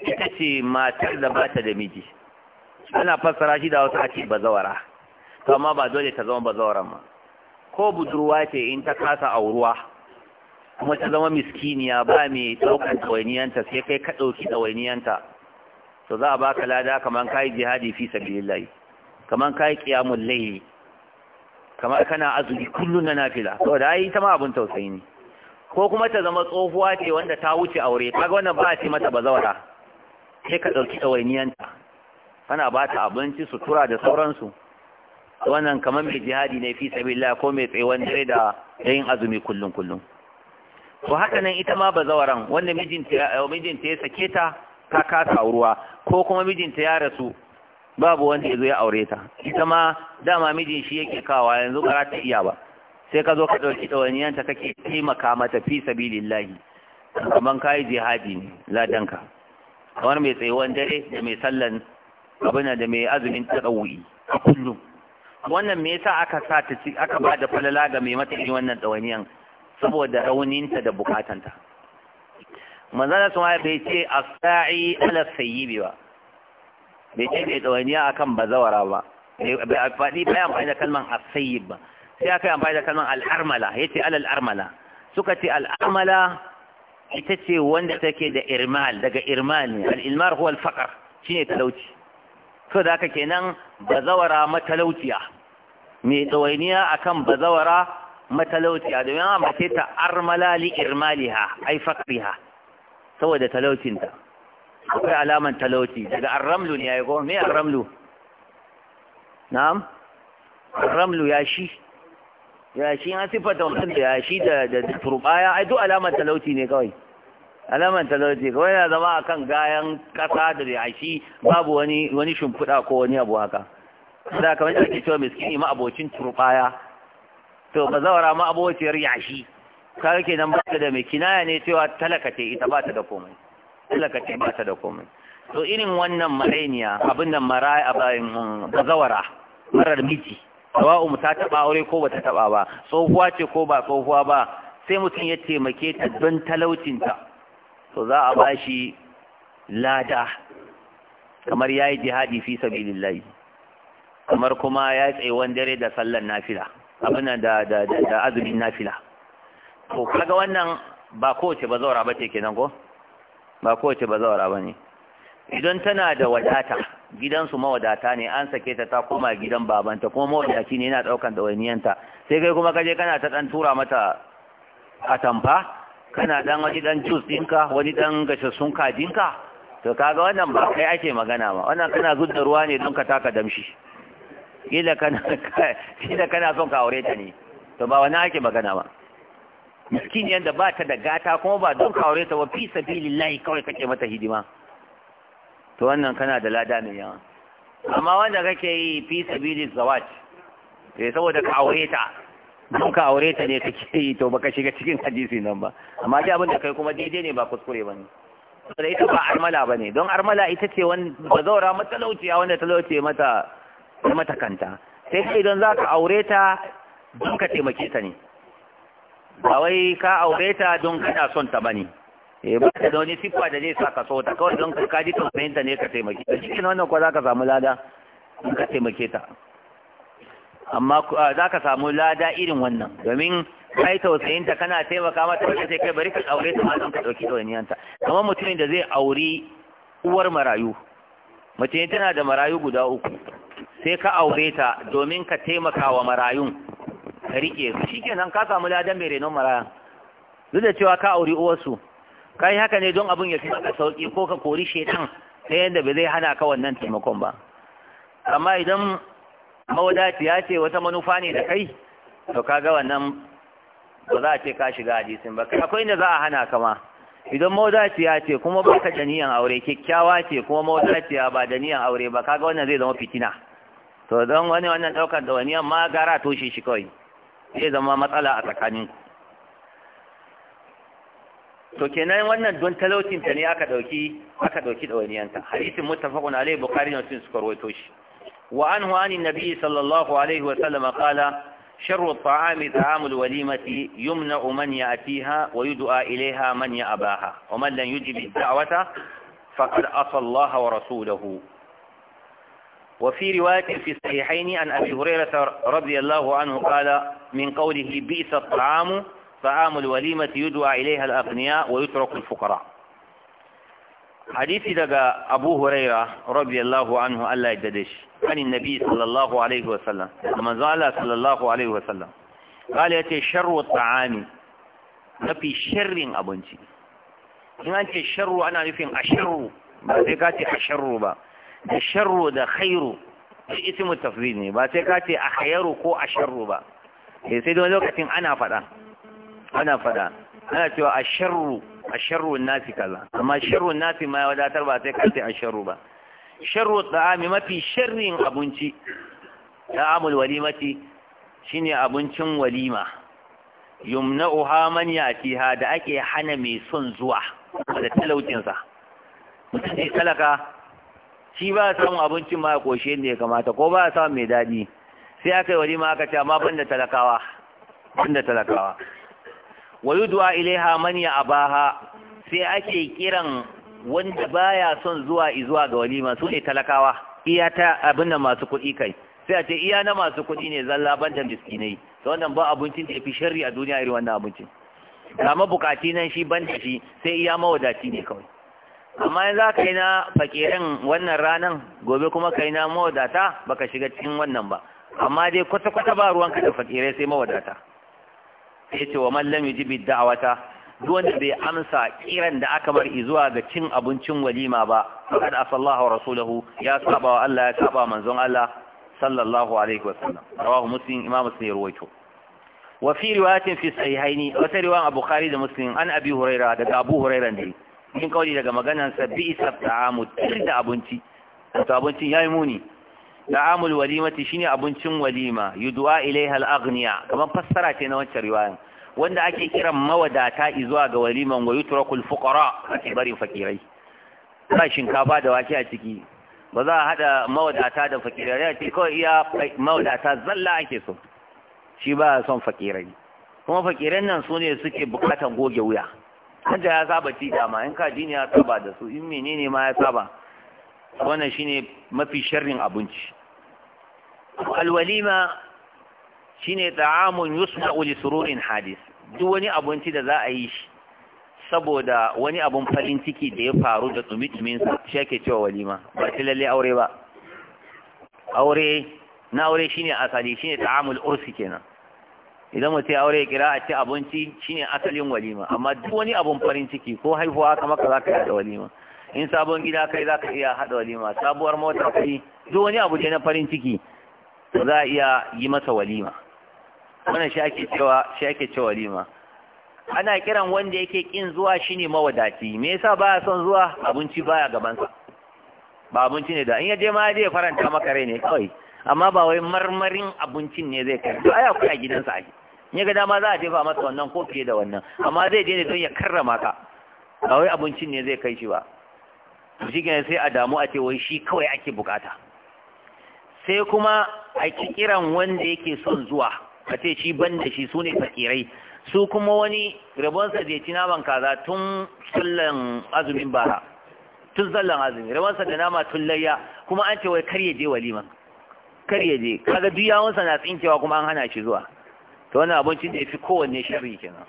ita ce matar da ba ta da miji ana fassara shi da wasu a ce bazawara to amma ba dole ta zama bazawaran ma ko budurwa ce in ta kasa auruwa kuma ta zama miskiniya ba mai ɗaukar ɗawainiyanta sai kai ka ɗauki ɗawainiyanta to za a ba ka lada kamar ka yi jihadi fi sabilillahi kamar yi qiyamul laye kamar kana azumi kullum na nafila to da yi ta ma abin tausayi ne ko kuma ta zama tsohuwa ce wanda ta wuce aure ga wannan ba ce mata bazawara sai ka ɗauki ɗawainiyanta kana ba ta abinci sutura da sauransu wannan kamar mai jihadi ne fi sabilillah ko mai tsayuwan dare da yin azumi kullum kullum to haka nan ita ma bazawaran wanda mijinta ya eh, sake ta ta kasa ruwa ko kuma mijinta ya rasu babu wanda ya zo ya aure ta ita ma dama mijin shi yake kawa yanzu ba ta iya ba sai ka zo ka ɗauki ɗawainiyanta kake taimaka mata fi sabilillahi kamar yi jihadi ne ladanka kamar mai tsayuwan dare da mai sallan abin da mai azumin tarawih a kullum wannan me yasa aka sa ta ci aka ba da falala ga mai mata irin wannan dawaniyan saboda rauninta da bukatanta manzala su ma bai ce a sai ala sayyibi ba bai ce bai dawaniya akan bazawara ba bai faɗi bai amfani da kalman as ba sai aka yi amfani da kalman al ya ce ala al-armala suka ce al'armala ita ce wanda take da irmal daga irmal ne al'ilmar huwa al-faqr shine talauci so da haka kenan bazawara matalautiya mai ɗawainiya akan bazawara matalautiya domin an mace ta armalali irmaliha ai fakriha saboda ta, akwai alaman talauci daga arramlu ne yayi ko me arramlu na'am arramlu ya shi ya shi an sifata wanda da ya shi da turbaya ai duk alaman talauci ne kawai alaman talauci kawai yana zama a kan gayan ƙasa da yashi babu wani shimfiɗa ko wani abu haka da kamar yadda ake cewa miskini ma abocin turbaya to ba zawara ma abociyar yashi rike nan ba da mai kinaya ne cewa talaka ce ita ba ta da komai talaka ce ba ta da komai to irin wannan marainiya abin da mara a bayan mm, bazawara marar miji sawa'u ta taɓa aure ko ba ta taɓa ba tsohuwa ce ko ba tsohuwa ba sai mutum ya taimake ta don talaucinta So za a bashi lada kamar yayi jihadi fi sabilillahi kamar kuma ya tsaiwan dare da sallar nafila abin da da da azumin nafila to kaga wannan ba kowace ba zaura ba ke kenan ko ba kowace ba zaura ba ne. idan tana da wadata gidansu mawadata ne an sake ta ta koma gidan babanta kuma mawadaci ne yana daukan yanta. sai kai kuma kaje kana ta dan tura mata atamfa kana dan wani dan jus dinka wani dan gashassun kajinka to kaga wannan ba kai ake magana ba wannan kana da ruwa ne don ka taka damshi kila kana kila kana son ka aure ta ne to ba wani ake magana ba miskin yanda ba ta da gata kuma ba don ka aure ta ba fi sabilillahi kawai kake mata hidima to wannan kana da lada mai yawa amma wanda kake yi fi sabilillahi zawaj sai eh, saboda ka aure ta don ka aure ta ne kake yi to baka shiga cikin hadisi nan ba amma dai abin da kai kuma daidai ne ba kuskure bane saboda ita ba armala bane don armala ita ce wani bazaura matalauciya wanda talauci mata mata kanta sai kai don zaka aure ta don ka taimake ta ne ba wai ka aure ta don kana son ta bane eh ba ta da wani siffa da zai sa ka so ta kawai don ka ji tausayin ta ne ka taimake ta cikin wannan ko zaka samu lada don ka taimake ta amma za ka samu lada irin wannan domin kai tausayinta kana taimaka mata ta sai kai bari ka aure ta mazan ka ɗauki ɗawainiyanta kamar mutumin da zai auri uwar marayu mutum tana da marayu guda uku sai ka aure ta domin ka taimaka wa marayun ka riƙe su nan ka samu ladan mai renon marayan duk da cewa ka auri uwarsu kai haka ne don abin ya fi maka sauki ko ka kori shetan ta yadda ba zai hana ka wannan taimakon ba amma idan mawadaciya ce wata manufa ne da kai to kaga wannan ba za a ce ka shiga hadisin ba akwai inda za a hana kama idan mawadaciya ce kuma ba ka da aure kyakkyawa ce kuma mawadaciya ba da aure ba kaga wannan zai zama fitina to don wani wannan daukar da wani amma gara toshe shi kawai zai zama matsala a tsakanin to kenan wannan don talautin ta ne aka dauki aka dauki dawaniyanka hadisin muttafaqun alaihi bukhari ne sun suka rawaito shi وعنه عن النبي صلى الله عليه وسلم قال شر الطعام طعام الوليمة يمنع من يأتيها ويدعى إليها من يأباها ومن لن يجب الدعوة فقد عصى الله ورسوله وفي رواية في الصحيحين عن أبي هريرة رضي الله عنه قال من قوله بئس الطعام طعام الوليمة يدعى إليها الأغنياء ويترك الفقراء hadisi daga abu huraira rabiyallahu anhu Allah ya dade shi kan annabi sallallahu alaihi wasallam da manzo Allah sallallahu alaihi wasallam قال yace sharru ta'ami na fi sharrin abinci in an ce sharru ana nufin asharru ba sai ka ce asharru ba da sharru da khairu shi ismu tafdhil ne ba sai ka ce a akhairu ko asharru ba eh, sai dai lokacin ana fada ana fada ana cewa asharru a sharrun nasi kaza amma sharrun nasi ma ya wadatar ba sai kace a sharru ba sharru ta'ami mafi sharrin abinci ta'amul walimati shine abincin walima yumna'uha man yatiha da ake hana mai son zuwa da talautin sa mutum ne talaka shi ba samun abincin ma ya koshe ne kamata ko ba samun mai daɗi sai aka yi walima aka ce amma banda talakawa banda talakawa wa yudwa ilaiha man ya abaha sai ake kiran wanda baya son zuwa izuwa ga walima su ne talakawa iya ta abin da masu kuɗi kai sai a ce iya na masu kuɗi ne zalla banda miskinai to wannan ba abincin da yafi sharri a duniya irin wannan abincin Kama bukati nan shi banda shi sai iya mawadaci ne kawai amma yanzu za ka yi na fakirin wannan ranan gobe kuma ka yi na mawadata baka shiga cikin wannan ba amma dai kwata-kwata ba ruwanka da fakirai sai mawadata sai ce wa man lam yujibi da'wata duk wanda bai amsa kiran da aka bar zuwa ga cin abincin walima ba Kada asallahu wa rasuluhu ya saba wa Allah ya saba manzon Allah sallallahu alaihi wa sallam rawahu muslim imam muslim ya rawaito wa fi riwayatin fi sahihaini wa riwayan abu bukhari da muslim an abi huraira da abu huraira ne kin kauli daga maganan sa bi isab ta'amu tirda abinci to abincin yayi muni da'amul walimati shine abincin walima Yudwa ilaiha al-aghniya kamar fassara ce na wancan riwayan wanda ake kiran mawadata zuwa ga waliman wa yutrakul fuqara ake barin fakirai ba shinkafa da wake a ciki ba za a hada mawadata da fakirai a ce kawai iya mawadata zalla ake so shi ba son fakirai kuma fakirai nan su ne suke bukatan goge wuya hajja ya saba ci dama in ka jini ya saba da su in menene ma ya saba wannan shine mafi sharrin abinci alwalima shine ta'amun yusma'u li sururin hadis duk wani abinci da za a yi saboda wani abun farin ciki da ya faru da tsumi-tsumin shi ake cewa walima ba shi lalle aure ba aure na aure shine asali shine ta'amul ursi kenan idan mutum aure kira a ce abinci shine asalin walima amma duk wani abun farin ciki ko haihuwa kama maka za ka haɗa walima in sabon gida kai za ka iya haɗa walima sabuwar mota kai duk wani abu ne na farin ciki to za a iya yi masa walima Wani shi ake cewa shi cewa walima ana kiran wanda yake kin zuwa shine mawadaci me yasa baya son zuwa abinci baya gaban sa ba abinci ne da in yaje ma yaje faranta maka rai ne kawai amma ba wai marmarin abincin ne zai kai to aya akwai a gidansa ake. in ga dama za a jefa masa wannan ko fiye da wannan amma zai je ne don ya karrama ka ba wai abincin ne zai kai shi ba shi sai a damu a ce wai shi kawai ake bukata sai kuma a kiran wanda yake son zuwa a ce shi ban da shi su ne fakirai su kuma wani rabonsa da ya ci naman kaza tun sallan azumin bara tun sallan azumi rabonsa da nama tun layya kuma an ce wai kar ya je waliman kar ya je kaga duk yawunsa na tsinkewa kuma an hana shi zuwa to wannan abincin da ya fi kowanne sharri kenan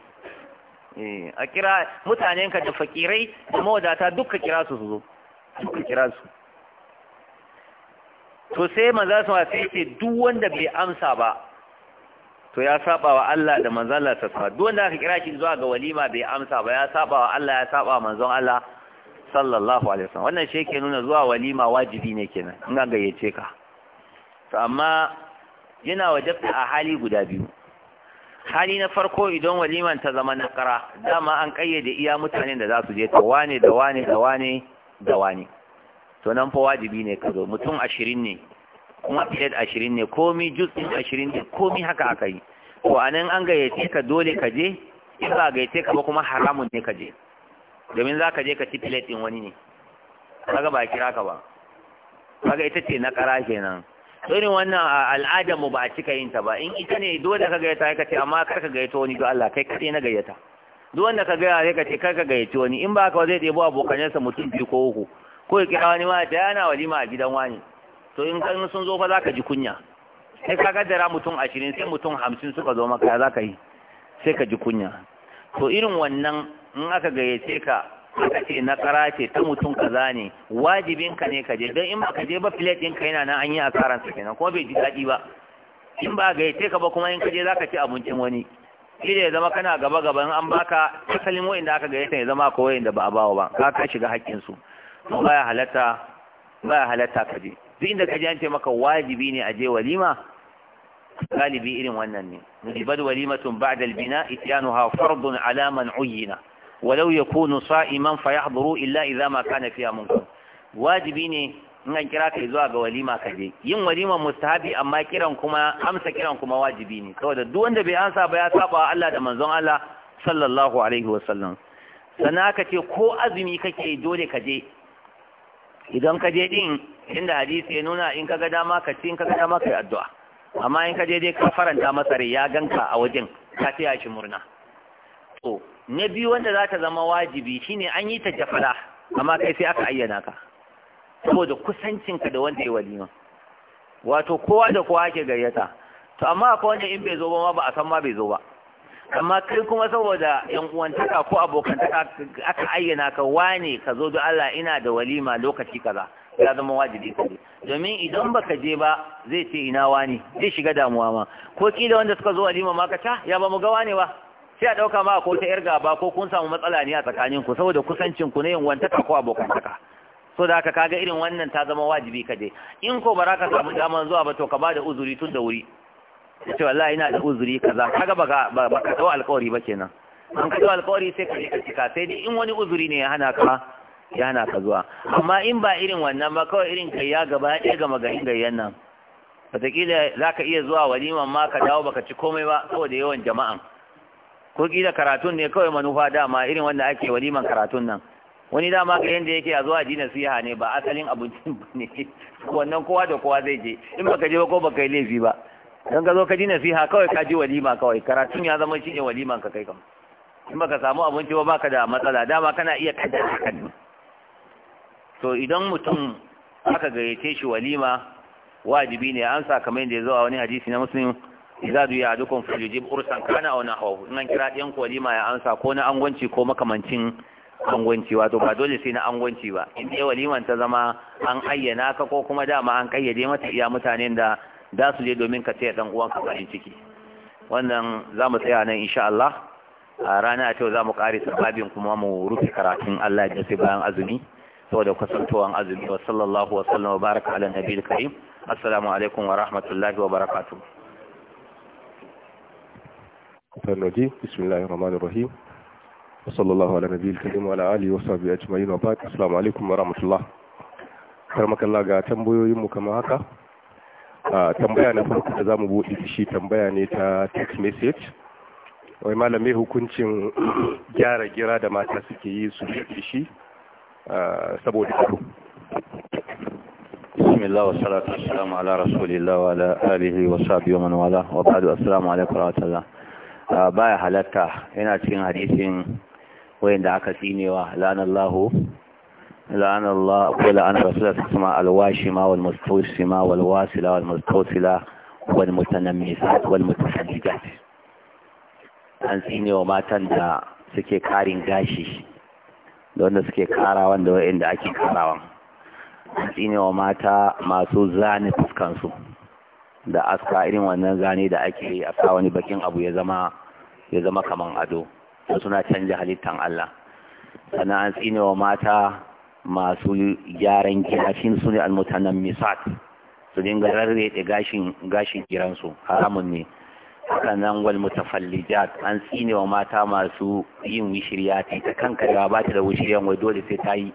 eh, a kira mutanenka da fakirai da mawadata duka kira su su zo duka kira su to sai maza su ma ce duk wanda bai amsa ba to ya saba wa Allah da manzon Allah sallallahu duk wanda aka kira shi zuwa ga walima bai amsa ba ya saba wa Allah ya saba wa manzon Allah sallallahu alaihi wasallam wannan shi yake nuna zuwa walima wajibi ne kenan in ga gayyace ka to amma yana wajabta a hali guda biyu hali na farko idan waliman ta zama nakara dama an kayyade iya mutanen da za su je to wane da wane da wane da wane to nan fa wajibi ne ka zo mutum ashirin ne kuma fiye ashirin ne komi jutsin ashirin ne komi haka aka yi to a nan an gayyace ka dole ka je in ba gayyace ka ba kuma haramun ne ka je domin za ka je ka ci plate ɗin wani ne kaga ba kira ka ba kaga ita ce na kara kenan irin wannan al'adar mu ba a cika yin ta ba in ita ne dole ka gayyata ka ce amma kar ka gayyata wani to Allah kai kai na gayyata duk wanda ka gaya sai ka ce kar ka gayyata wani in ba ka zai ɗebo abokanansa mutum biyu ko uku ko ya kira wani ma da yana walima a gidan wani to in kan sun zo fa zaka ji kunya sai ka dara mutum ashirin sai mutum hamsin suka zo maka zaka yi sai ka ji kunya to irin wannan in aka gayyace ka aka ce na kara ce ta mutum kaza ne wajibin ka ne ka je don in baka je ba filet ɗin ka yana nan an yi asaran sa kenan kuma bai ji daɗi ba in ba gayyace ka ba kuma in ka je zaka ci abincin wani shi ya zama kana gaba gaba in an baka asalin wa'inda aka yace ya zama ko wa'inda ba a bawa ba ka ka shiga haƙƙin su baya halatta baya halatta ka je duk inda ka je an ce maka wajibi ne a je walima galibi irin wannan ne bad walimatun ba'da albina ityanuha fardun ala man uyyina walau yakunu sa'iman fayahduru illa idza ma kana fiha munkar wajibi ne in an kira ka zuwa ga walima ka je yin walima mustahabi amma kiran kuma amsa kiran kuma wajibi ne saboda duk wanda bai amsa ba ya saba Allah da manzon Allah sallallahu alaihi wasallam sannan aka ce ko azumi kake dole ka je idan ka je din inda hadisi ya nuna in kaga dama ka ci in kaga dama kai addu'a amma in ka je dai ka faranta masa rai ya ganka a wajen ka taya shi murna to na biyu wanda za ta zama wajibi shine an yi ta jafala amma kai sai aka ayyana ka saboda kusancinka da wanda ya walima wato kowa da kowa ke gayyata to amma akwai wanda in bai zo ba ma ba a san ma bai zo ba amma kai kuma saboda yan uwantaka ko abokantaka aka ayyana ka wane ka zo don Allah ina da walima lokaci kaza ya zama wajibi ka domin idan baka je ba zai ce ina wani zai shiga damuwa ma ko kila wanda suka zo walima ma ka ta ah, ya ba mu ga wane ba sai a dauka ma ko ta yar gaba ko kun samu matsala ne a tsakanin ku saboda kusancin ku ne yan ko abokantaka so da haka kaga irin wannan ta zama wajibi ka je in ko baraka samu daman zuwa ba to ka da uzuri tun da wuri ya ce wallahi ina da uzuri kaza kaga baka baka dawo alƙawari ba kenan an ka dawo alƙawari sai ka je ka cika sai dai in wani uzuri ne ya hana ka ya hana ka zuwa amma in ba irin wannan ba kawai irin kai ya gaba ɗaya gama ga gayyan nan wataƙila za ka iya zuwa waliman ma ka dawo baka ci komai ba saboda yawan jama'an ko kila karatun ne kawai manufa dama irin wanda ake waliman karatun nan wani dama ga yanda yake a zuwa dina siya ne ba asalin abincin <laughs> ne wannan kowa da kowa zai je in baka je ba ko baka yi laifi ba don ka zo ka ji nasiha kawai ka ji walima kawai karatun ya zama shi ne walima ka kai kama in baka samu abinci ba baka da matsala dama kana iya da kan to idan mutum aka gayyace shi walima wajibi ne an sa kamar yadda ya zo a wani hadisi na muslim idza duya adukum falyujib ursan kana auna nahwahu in an kira ɗiyan walima ya ansa ko na angwanci ko makamancin angwanci wato ba dole sai na angwanci ba in dai waliman ta zama an ayyana ka ko kuma dama an kayyade mata iya mutanen da da su je domin ka taya dan uwanka farin ciki wannan za mu tsaya nan insha Allah a rana ta za mu ƙari sababin kuma mu rufe karatun Allah da sai bayan azumi saboda kusantowan azumi wa sallallahu wa sallam wa baraka ala nabiyil karim assalamu alaikum wa rahmatullahi wa barakatuh Tarnaji, Bismillahirrahmanirrahim. وصلى الله على نبي wa وعلى آله وصحبه أجمعين وبعد wa عليكم ورحمة الله كرمك الله قاعد تنبوي يمك ما haka. tambaya na farko da zamu buɗe shi tambaya ne ta text message wai malamai hukuncin <clears throat> gyara gira da mata suke yi su yi shi saboda ado bismillah wa salatu wassalamu ala rasulillah wa ala alihi wa sahbihi wa man wala wa ba'du assalamu alaikum wa rahmatullah baya halatta yana cikin hadisin wayanda aka tsinewa lanallahu لعن الله ولعن رسول الله الواشمة والمستوسمة والواسلة والمستوسلة والمتنمسات والمتسلجات an tsine wa matan da suke karin gashi da wanda suke karawan da ake karawan an tsine wa mata masu zane fuskansu da aska irin wannan zane da ake yi a sa wani bakin abu ya zama zama kaman ado suna canza halittan Allah sannan an tsine wa mata masu gyaran gashin su ne almutanen misat su dinga rarrede gashin gashin giransu haramun ne haka nan wal mutafallijat an tsine wa mata masu yin wishiriya ta ta kankare ba ta da wishiriyan wai dole sai ta yi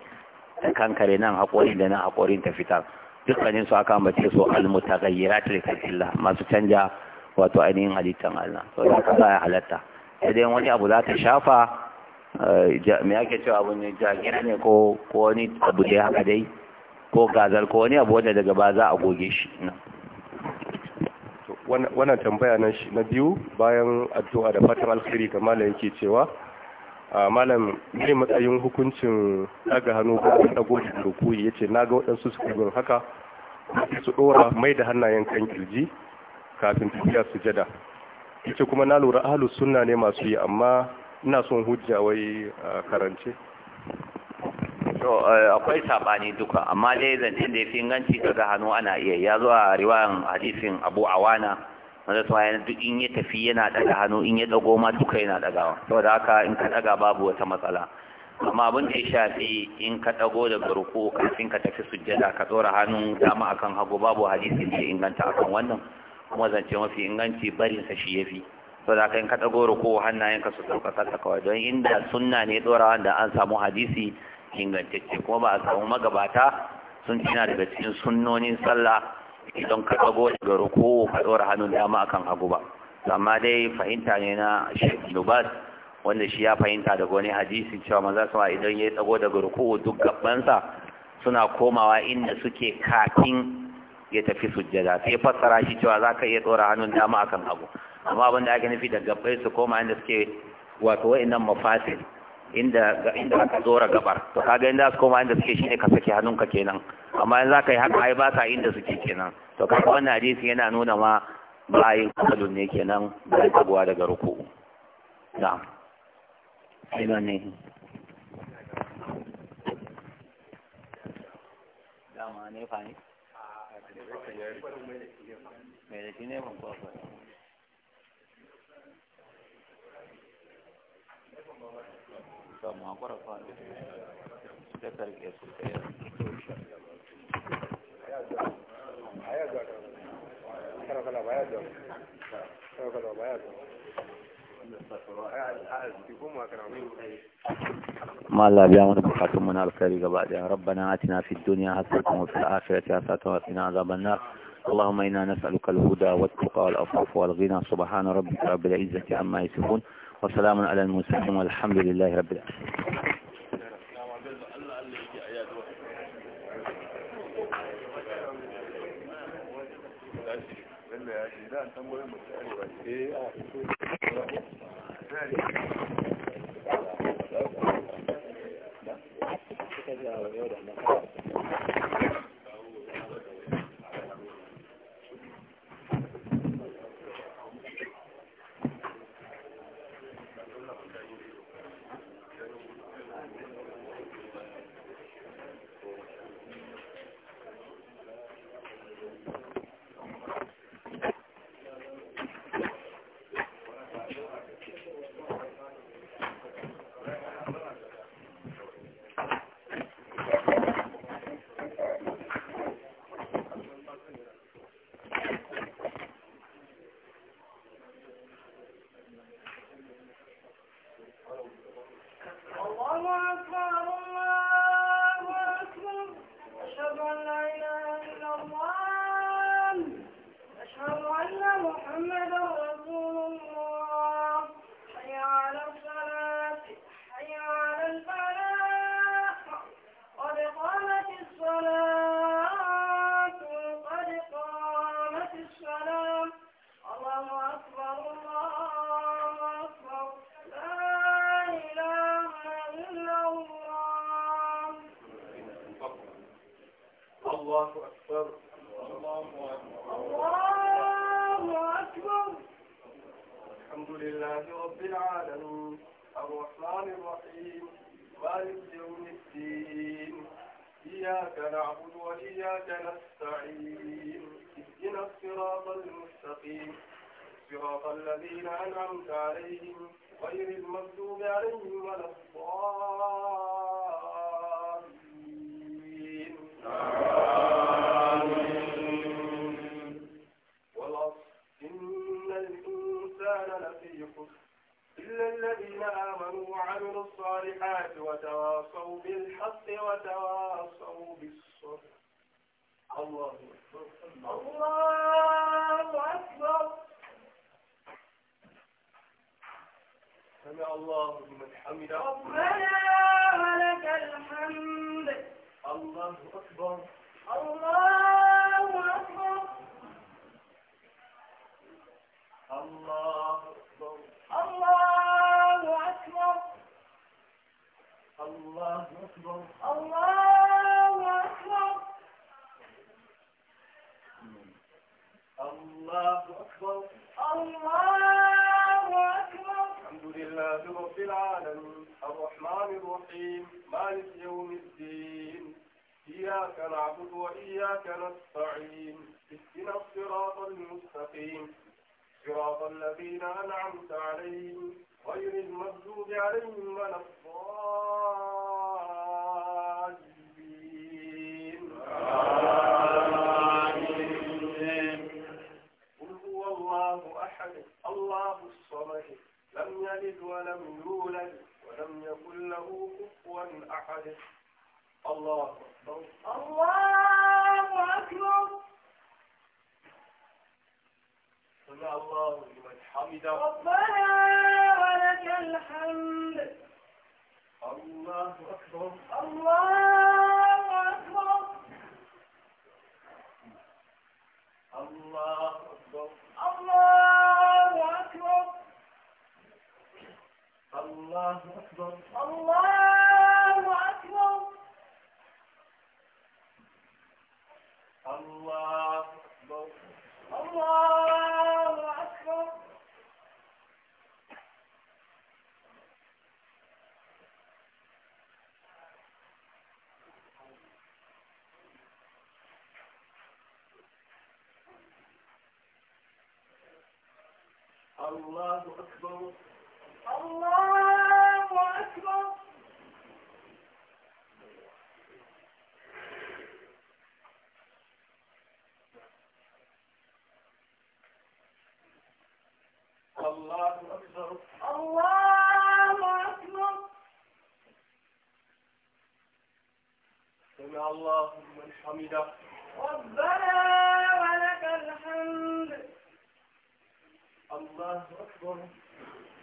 ta kankare nan haƙorin da nan haƙorin ta fitar dukkanin su aka mace su al li khalqillah masu canja wato ainihin halittan Allah to da ka halatta sai dai wani abu za ta shafa me ake cewa abun ne jagira ne ko wani abu dai haka dai ko gazar ko wani abu wanda daga ba za a goge shi wannan tambaya na na biyu bayan addu'a da fatan alkhairi ga malam yake cewa malam ne matsayin hukuncin daga hannu ko dago da doku yace naga waɗansu su gurin haka su dora mai da hannayen kan kirji kafin tafiya sujada yace kuma na lura ahlus sunna ne masu yi amma ina son hujja wai karance akwai sabani duka amma dai zancen da fi inganci daga hannu ana iya ya zo a riwayan hadisin Abu Awana wanda ta yana duk in ya tafi yana daga hannu in ya dago ma duka yana dagawa saboda haka in ka daga babu wata matsala amma abin da ya shafi in ka dago da garuku kafin ka tafi sujjada ka tsora hannun dama akan hagu babu hadisin da ya inganta akan wannan kuma zance mafi inganci barinsa shi ya fi. so da ka dago ruku hannayen ka su dauka kasa kawai don inda sunna ne dora wanda an samu hadisi ingantacce kuma ba a samu magabata sun cina daga cikin sunnonin sallah idan ka ɗago daga ruku ka ɗora hannun dama akan hagu ba amma dai fahimta ne na Sheikh lubas wanda shi ya fahimta daga wani hadisi cewa maza su ma idan ya ɗago daga ruku duk gabansa suna komawa inda suke kafin ya tafi sujjada sai fassara shi cewa za ka iya ɗora hannun dama akan hagu amma abin da ake nufi da gabbai su koma inda suke wato wa'annan mafasil inda inda aka zora gabar to kaga inda su koma inda suke shine ka sake hannunka kenan amma yanzu zaka yi haka ai ba sa inda suke kenan to kaga wannan hadisi yana nuna ma bayin kadun ne kenan bai tabuwa daga ruku na'am sai ne dama ne fa ne mai da shi ne ban ما الله بيامنا بخاتم من الخير قبعد ربنا آتنا في الدنيا حسنة وفي الآخرة حسنة وفينا عذاب النار اللهم إنا نسألك الهدى والتقى والعفاف والغنى سبحان ربك رب العزة عما يسفون وسلام على المسلمين والحمد لله رب العالمين الذين أنعمت عليهم غير المغضوب عليهم ولا الضالين والعصر إن الإنسان لفي خسر إلا الذين آمنوا وعملوا الصالحات وتواصوا بالحق وتواصوا بالصبر الله أكبر الله أكبر سمع الله لمن حمده ربنا ولك الحمد الله أكبر الله أكبر الله أكبر الله أكبر الله أكبر الله أكبر الله أكبر الحمد لله رب العالمين الرحمن الرحيم مالك يوم الدين إياك نعبد وإياك نستعين اهدنا الصراط المستقيم صراط الذين أنعمت عليهم غير المغضوب عليهم ولا الضالين قل هو الله أحد الله الصمد لم يلد ولم يولد ولم يكن له كفوا أحد الله أكبر الله أكبر سمع الله لمن حمده ربنا ولك الحمد الله أكبر أكبر الله أكبر الله أكبر الله أكبر سمع الله من حمده ربنا ولك الحمد الله أكبر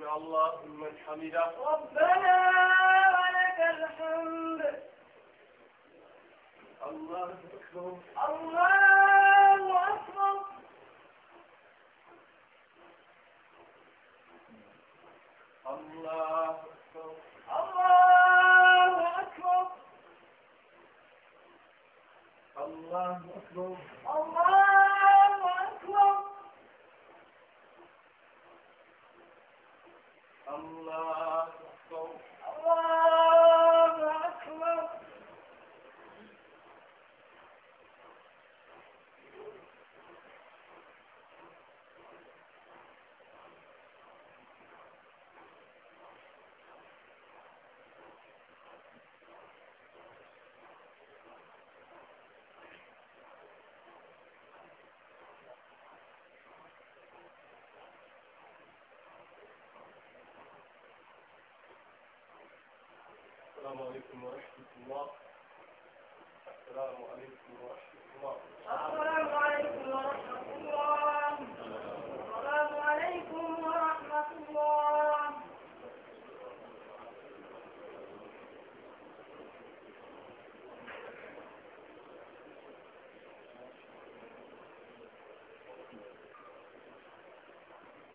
سمع الله من حمده ربنا ولك الحمد الله أكبر الله أكبر الله أكبر الله أكبر الله أكبر الله